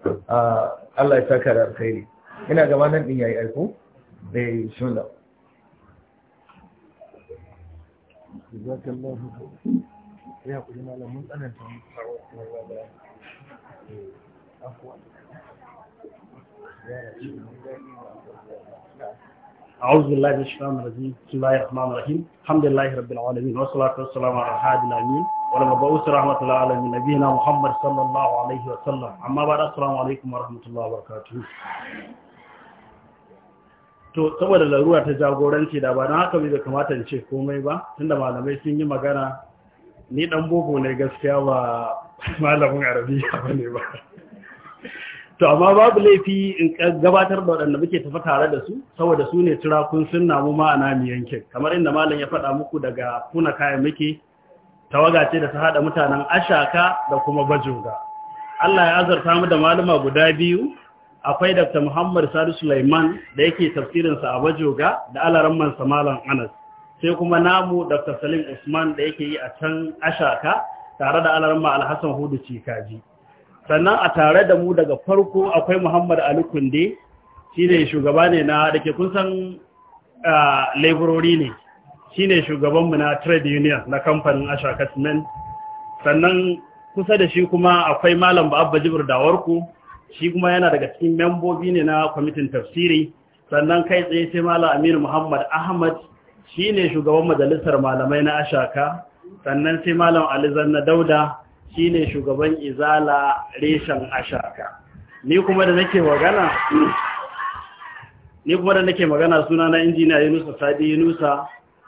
[SPEAKER 1] Allah ya saka da alkhairi ina gaba nan din yayi aiko eh, bismillah
[SPEAKER 3] ya kuɗi malamin tsananta
[SPEAKER 6] أعوذ بالله من الشيطان الرجيم بسم الله الرحمن الرحيم الحمد لله رب العالمين والصلاة والسلام على الحادي الأمين ولما بؤس رحمة الله على نبينا محمد صلى الله عليه وسلم أما بعد السلام عليكم ورحمة الله وبركاته to saboda larura ta jagoranci da ba don haka bai kamata in ce komai ba tunda malamai sun yi magana ni dan boko ne gaskiya ba malamin arabiya <laughs> ba ne ba to amma babu laifi in gabatar da waɗanda muke tafi tare da su saboda su ne turakun sun namu ma'ana nami yankin kamar inda malam ya faɗa muku daga kuna kayan muke tawaga ce da ta haɗa mutanen ashaka da kuma bajoga Allah ya azarta mu da malama guda biyu akwai Dr. Muhammad Sadu Sulaiman da yake tafsirinsa a Bajoga da alaramman Malam Anas, sai kuma namu Dr. Salim Usman da yake yi a can Ashaka tare da alaramman Alhassan Hudu Cikaji. Sannan a tare da mu daga farko akwai Muhammad Ali Kunde, shi ne shugaba ne na da ke san laborori ne, shi ne shugabanmu na trade union na kamfanin Ashaka Cement. Sannan kusa da shi kuma akwai Malam Ba'abba Jibir Dawarku, shi kuma yana daga cikin membobi ne na kwamitin tafsiri sannan kai tsaye sai mala aminu muhammad ahmad shi ne shugaban majalisar malamai na ashaka sannan sai malam alizan na dauda shi ne shugaban izala reshen ashaka ni kuma da nake magana ni kuma da nake magana suna na injiniya yunusa sadi yunusa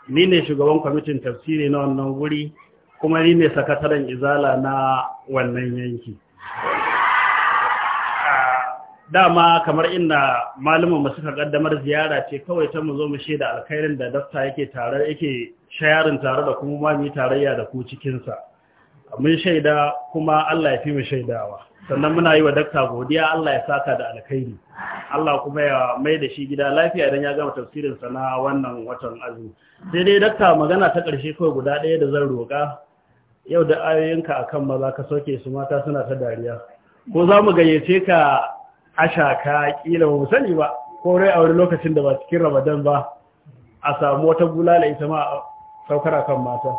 [SPEAKER 6] ni ne shugaban kwamitin tafsiri na wannan wuri kuma ni ne sakataren izala na wannan yanki dama kamar inda malumin masu suka kaddamar ziyara ce kawai ta mu zo mu shaida alkhairin da dafta yake tare yake shayarin tare da kuma ma mu tarayya da ku cikin sa mun shaida kuma Allah ya fi mu shaidawa sannan muna yi wa dakta godiya Allah ya saka da alkhairi Allah kuma ya mai da shi gida lafiya idan ya gama tafsirin sa na wannan watan azumi sai dai dakta magana ta karshe kawai guda ɗaya da zan roƙa yau da ayoyinka akan maza ka sauke su mata suna ta dariya ko za mu gayyace ka ashaka kila ba mu sani ba ko rai a wani lokacin da ba cikin ramadan ba a samu wata bulala ita ma a saukar akan mata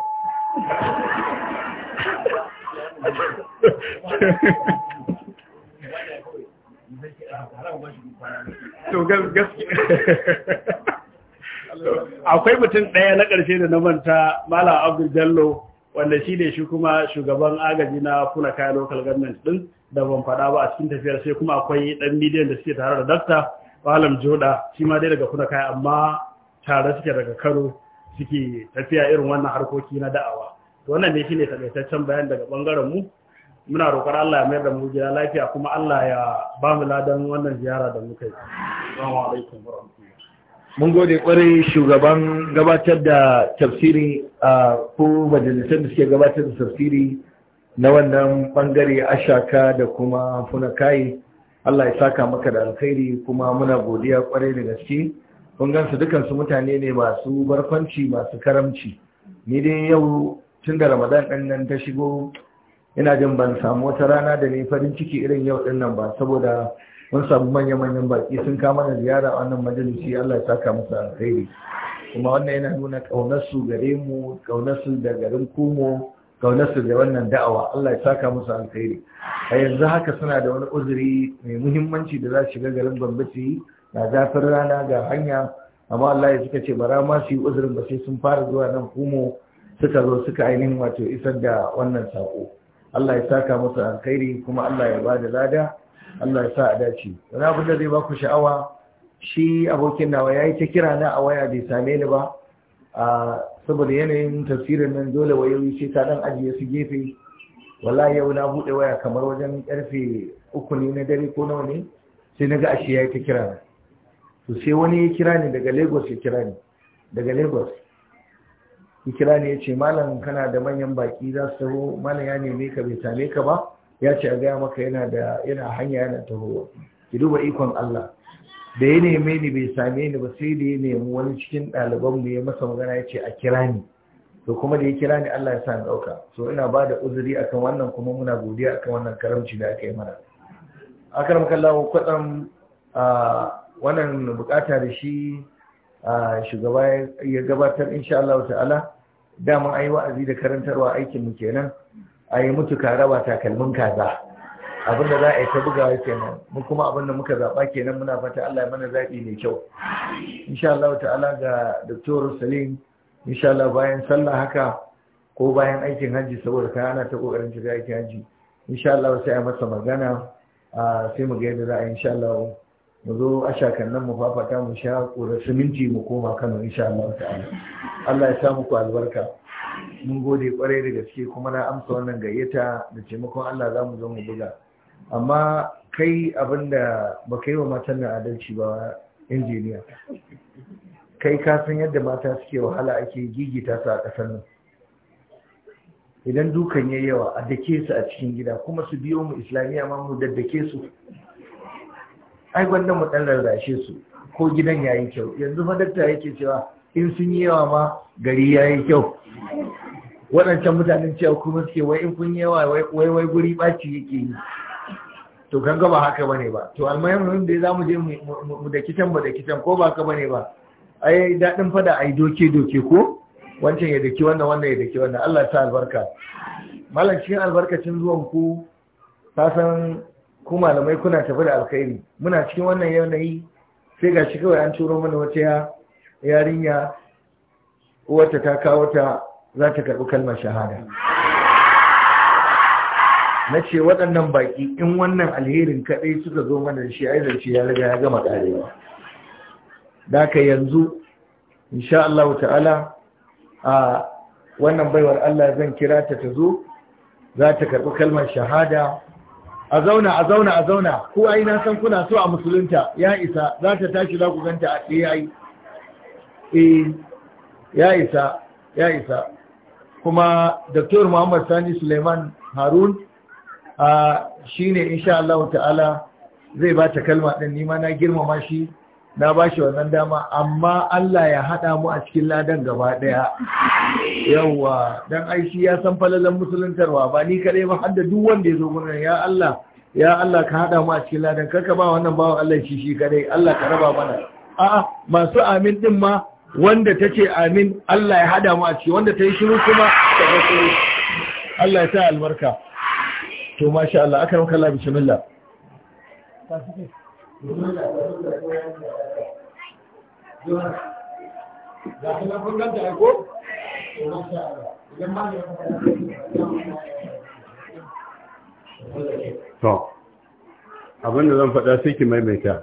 [SPEAKER 6] akwai mutum ɗaya na ƙarshe da na manta malam abu jallo wanda shi ne shi kuma shugaban agaji na kuna kayan local government ɗin da ban faɗa ba a cikin tafiyar sai kuma akwai ɗan midiyan da suke tare da dakta malam joda shi ma dai daga kuna kai amma tare suke daga kano suke tafiya irin wannan harkoki na da'awa wannan ne shine takaitaccen bayan daga bangaren mu muna roƙar Allah ya mayar da mu gida lafiya kuma Allah ya ba mu ladan wannan ziyara da muka yi assalamu alaikum
[SPEAKER 1] mun gode kwarai shugaban gabatar da tafsiri ko majalisar da suke gabatar da tafsiri na wannan bangare ashaka da kuma kaye. Allah ya saka maka da alkhairi kuma muna godiya kwarai da gaske kun gansu dukansu mutane ne masu barfanci masu karamci ni dai yau tun da ramadan ɗan nan ta shigo ina jin ban samu wata rana da ne farin ciki irin yau ɗin nan ba saboda mun samu manya-manyan baki sun kama na ziyara a wannan majalisi Allah ya saka musu alkhairi kuma wannan yana nuna ƙaunarsu gare mu ƙaunarsu da garin kumo kaunarsu da wannan da'awa Allah ya saka musu alkhairi a yanzu haka suna da wani uzuri mai muhimmanci da za su shiga garin bambaci na zafin rana ga hanya amma Allah ya suka ce bara ma su yi uzurin ba sai sun fara zuwa nan kumo suka zo suka ainihin wato isar da wannan sako Allah ya saka musu alkhairi kuma Allah ya bada lada Allah ya sa a dace wani abu da zai baku sha'awa shi abokin nawa ya yi ta kira na a waya bai same ni ba ah, saboda yanayin tafsirin nan dole wayoyi ce ta dan ajiye su gefe wala yau na bude waya kamar wajen karfe uku ne na dare ko nawa ne sai na ga ashe yayi ta kira na to sai wani ya kira ni daga Lagos ya kira ni daga Lagos ya kira ni ya ce malam kana da manyan baki za su taho malam ya neme ka bai same ka ba ya ce a gaya maka yana da yana hanya yana taho ki duba ikon Allah da ya neme ni bai same ni ba sai da ya nemi wani cikin ɗaliban mu ya masa magana ya ce a kira ni to kuma da ya kira ni Allah ya sa ɗauka so ina ba da uzuri akan wannan kuma muna godiya akan wannan karamci da aka yi mana akaram kallahu kwaɗan wannan bukata da shi shugaba ya gabatar insha Allah ta'ala dama ayi wa'azi da karantarwa aikin mu kenan ayi mutu ka raba takalmin kaza abin da za a yi ta bugawa kenan mu kuma abin da muka zaɓa kenan muna fata Allah ya mana zaɓi mai kyau
[SPEAKER 2] insha Allah ta'ala ga
[SPEAKER 1] Dr. Salim insha Allah bayan sallah haka ko bayan aikin hajji saboda kai ana ta kokarin shiga aikin hajji insha Allah sai a masa magana sai mu ga yadda za a insha Allah mu zo a shakan nan mu fafata mu sha kura siminti mu koma Kano insha Allah ta'ala Allah ya sa muku albarka mun gode kwarai da gaske kuma na amsa wannan gayyata da taimakon Allah za mu zo mu buga amma kai abinda ba yi wa matan nan adalci ba injiniya kai kasan yadda mata suke wahala ake gigita su a ƙasar nan idan dukan ya yawa a dake su a cikin gida kuma su biyo mu islamiyya ma mu daddake su ai gwanda mu ɗan rarrashe su ko gidan yayi kyau yanzu madakta yake cewa in sun yi yawa ma gari yayi kyau waɗancan mutanen cewa kuma suke wai in kun yawa wai wai guri ɓaci yake yi to kan ba haka bane ba to almuhimmin da zamu je mu da kitan ba da kitan ko ba haka bane ba ai dadin fada ai doke doke ko wancan ya daki wannan wannan ya daki wannan Allah ta sa albarka malam cikin albarkacin zuwan ku ta san ku malamai kuna tafi da alkhairi muna cikin wannan yanayi sai ga shi kawai an turo mana wata yarinya uwarta ta kawo ta za ta karɓi kalmar shahada na ce waɗannan baƙi in wannan alherin kaɗai suka zo mana shi shi ya riga ya gama ƙarewa da ka yanzu insha Allah ta'ala a wannan baiwar Allah zan kira ta ta zo za ta karɓi kalmar shahada a zauna a zauna a zauna ko ai na san kuna so a musulunta ya isa za ta tashi za ku ganta a ɗaya. yi eh ya isa ya isa kuma Dr. Muhammad Sani Suleiman Harun a ne, insha Allah ta'ala zai ba ta kalma ɗin nima na girmama shi na ba shi wannan dama amma Allah ya haɗa mu a cikin ladan gaba ɗaya yawa don aishi ya san falalan musuluntarwa ba ni kaɗai ba har da duk wanda ya zo gurin ya Allah ya Allah ka haɗa mu a cikin ladan karka ba wannan ba, Allah shi shi kaɗai Allah ka raba mana a'a masu amin din ma wanda ta ce amin Allah ya haɗa mu a ciki wanda ta yi shiru kuma ta Allah ya sa albarka to masha Allah aka maka Allah bismillah
[SPEAKER 2] to abinda zan faɗa sai ki maimaita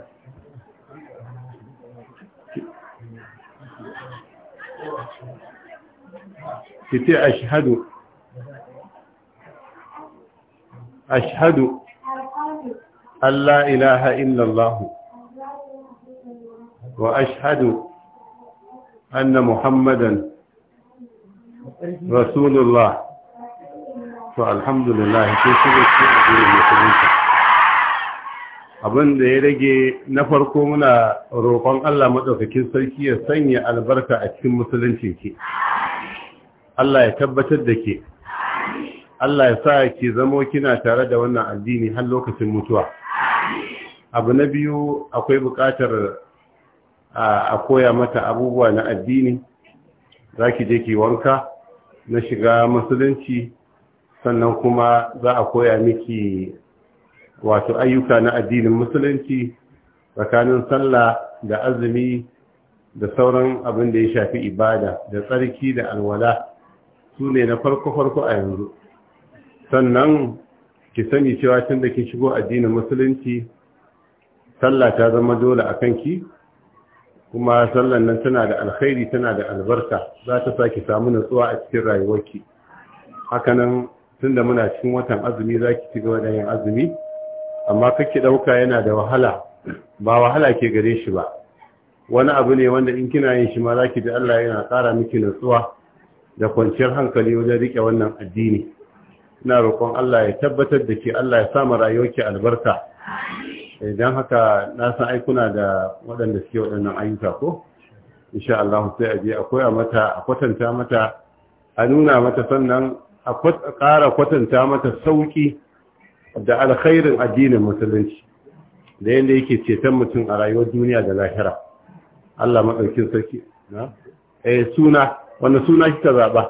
[SPEAKER 2] ki ce ashhadu ashhadu Allah la ilaha illallah wa ashhadu anna muhammadan rasulullah to alhamdulillah ke ya rage na farko muna roƙon Allah maɗaukakin sarki ya sanya albarka a cikin musulunci ke Allah ya tabbatar da ke Allah ya sa ki zamo kina tare da wannan addini har lokacin mutuwa abu na biyu akwai buƙatar a koya mata abubuwa na addini za ki je ki wanka na shiga musulunci sannan kuma za a koya miki wato ayyuka na addinin musulunci tsakanin sallah da azumi da sauran abin da ya shafi ibada da tsarki da alwala su ne na farko-farko a yanzu sannan ki sani cewa tun da kin shigo addinin musulunci sallah ta zama dole a kanki kuma sallan nan tana da alkhairi tana da albarka za ta ki samu nutsuwa a cikin rayuwarki hakanan tunda muna cikin watan azumi za ki ci da yin azumi amma kake ɗauka yana da wahala ba wahala ke gare shi ba wani abu ne wanda in kina yin shi ma za ki ji Allah yana ƙara miki nutsuwa da kwanciyar hankali wajen riƙe wannan addini ina roƙon Allah ya tabbatar da ke Allah ya samu ke albarka idan eh, haka na san aikuna da waɗanda suke waɗannan ayyuka ko insha Allah sai a je a koya mata a kwatanta mata a nuna mata sannan a ƙara kwatanta mata sauƙi da alkhairin addinin musulunci da yadda yake ceton mutum a rayuwar duniya da lahira Allah maɗaukin sarki eh, suna wanda suna kika zaɓa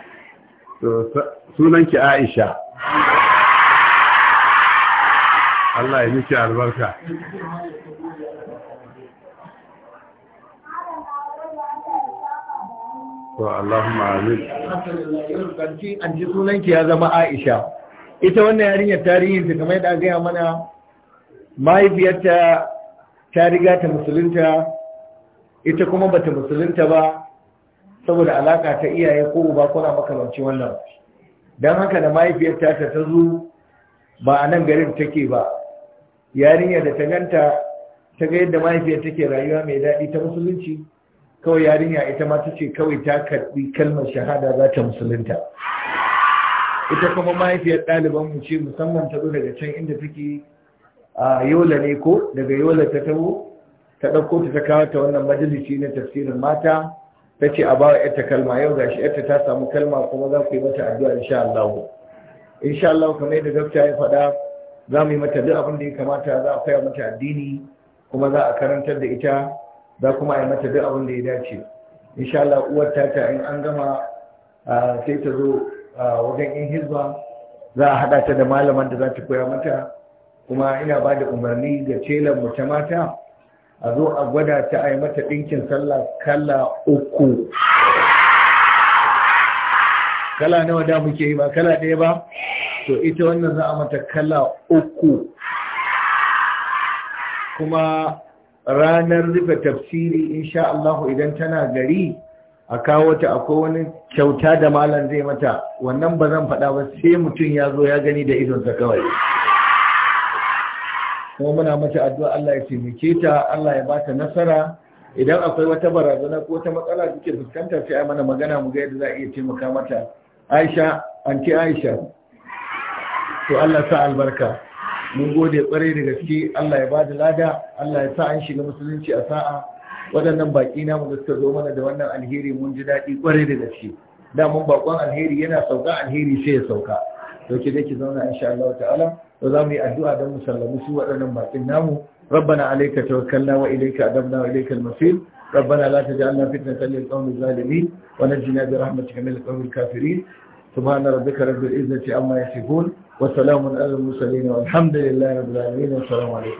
[SPEAKER 2] sunanki Aisha Allah ya miki albarka to Allahumma amin
[SPEAKER 1] kanci an ji sunanki ya zama Aisha ita wannan yarinyar tarihin su kamar yadda gaya mana mahaifiyarta ta riga ta musulunta ita kuma bata musulunta ba saboda alaka ta iyaye ko uba kuna makamanci wannan don haka da mahaifiyar ta ta zo ba a nan garin take ba yarinya da ta ganta ta ga yadda mahaifiyar take rayuwa mai daɗi ta musulunci kawai yarinya ita ma ta ce kawai ta karɓi kalmar shahada za ta musulunta ita kuma mahaifiyar ɗaliban mu ce musamman ta zo daga can inda take a yola ne ko daga yola ta taho ta ɗauko ta ta kawo ta wannan majalisi na tafsirin mata ta ce a bawa yarta kalma yau gashi yarta ta samu kalma kuma za ku yi mata addu'a insha Allah insha Allah kamar yadda gafta ya faɗa za mu yi mata duk abin da ya kamata za a koya mata addini kuma za a karantar da ita za kuma a yi mata duk abin da ya dace insha Allah uwar ta ta in an gama sai ta zo wajen in hizba za a haɗa ta da malaman da za ta koya mata kuma ina ba da umarni ga celan mu ta mata a zo a gwada ta a yi mata ɗinkin sallah kala uku kala nawa da muke yi ba kala ɗaya ba to ita wannan za a mata kala uku kuma ranar rufe tafsiri insha Allah idan tana gari a kawo ta akwai wani kyauta da malam zai mata wannan ba zan faɗa ba sai mutum ya zo ya gani da idonsa kawai kuma muna mata addu'a Allah ya taimake ta Allah ya bata nasara idan akwai wata barazana ko ta matsala da ke fuskanta sai ai mana magana mu ga yadda za a iya taimaka mata Aisha anti Aisha to Allah sa albarka mun gode kwarai da gaske Allah ya bada lada Allah ya sa an shiga musulunci a sa'a waɗannan baki na mu suka zo mana da wannan alheri mun ji daɗi kwarai da gaske da mun bakon alheri yana sauka alheri sai ya sauka to dai ki zauna insha Allah ta'ala za mu yi addu’a don musallamu su waɗannan baƙin namu rabbana alaika tawakkalna wa ilaika adabna wa ilaika al-masir rabbana la taj'alna fitnatan lil qawmi zalimin wa najina bi rahmatika min al-qawmi al-kafirin subhana rabbika rabbil izzati amma yasifun wa salamun ala al-mursalin wa alhamdulillahi rabbil alamin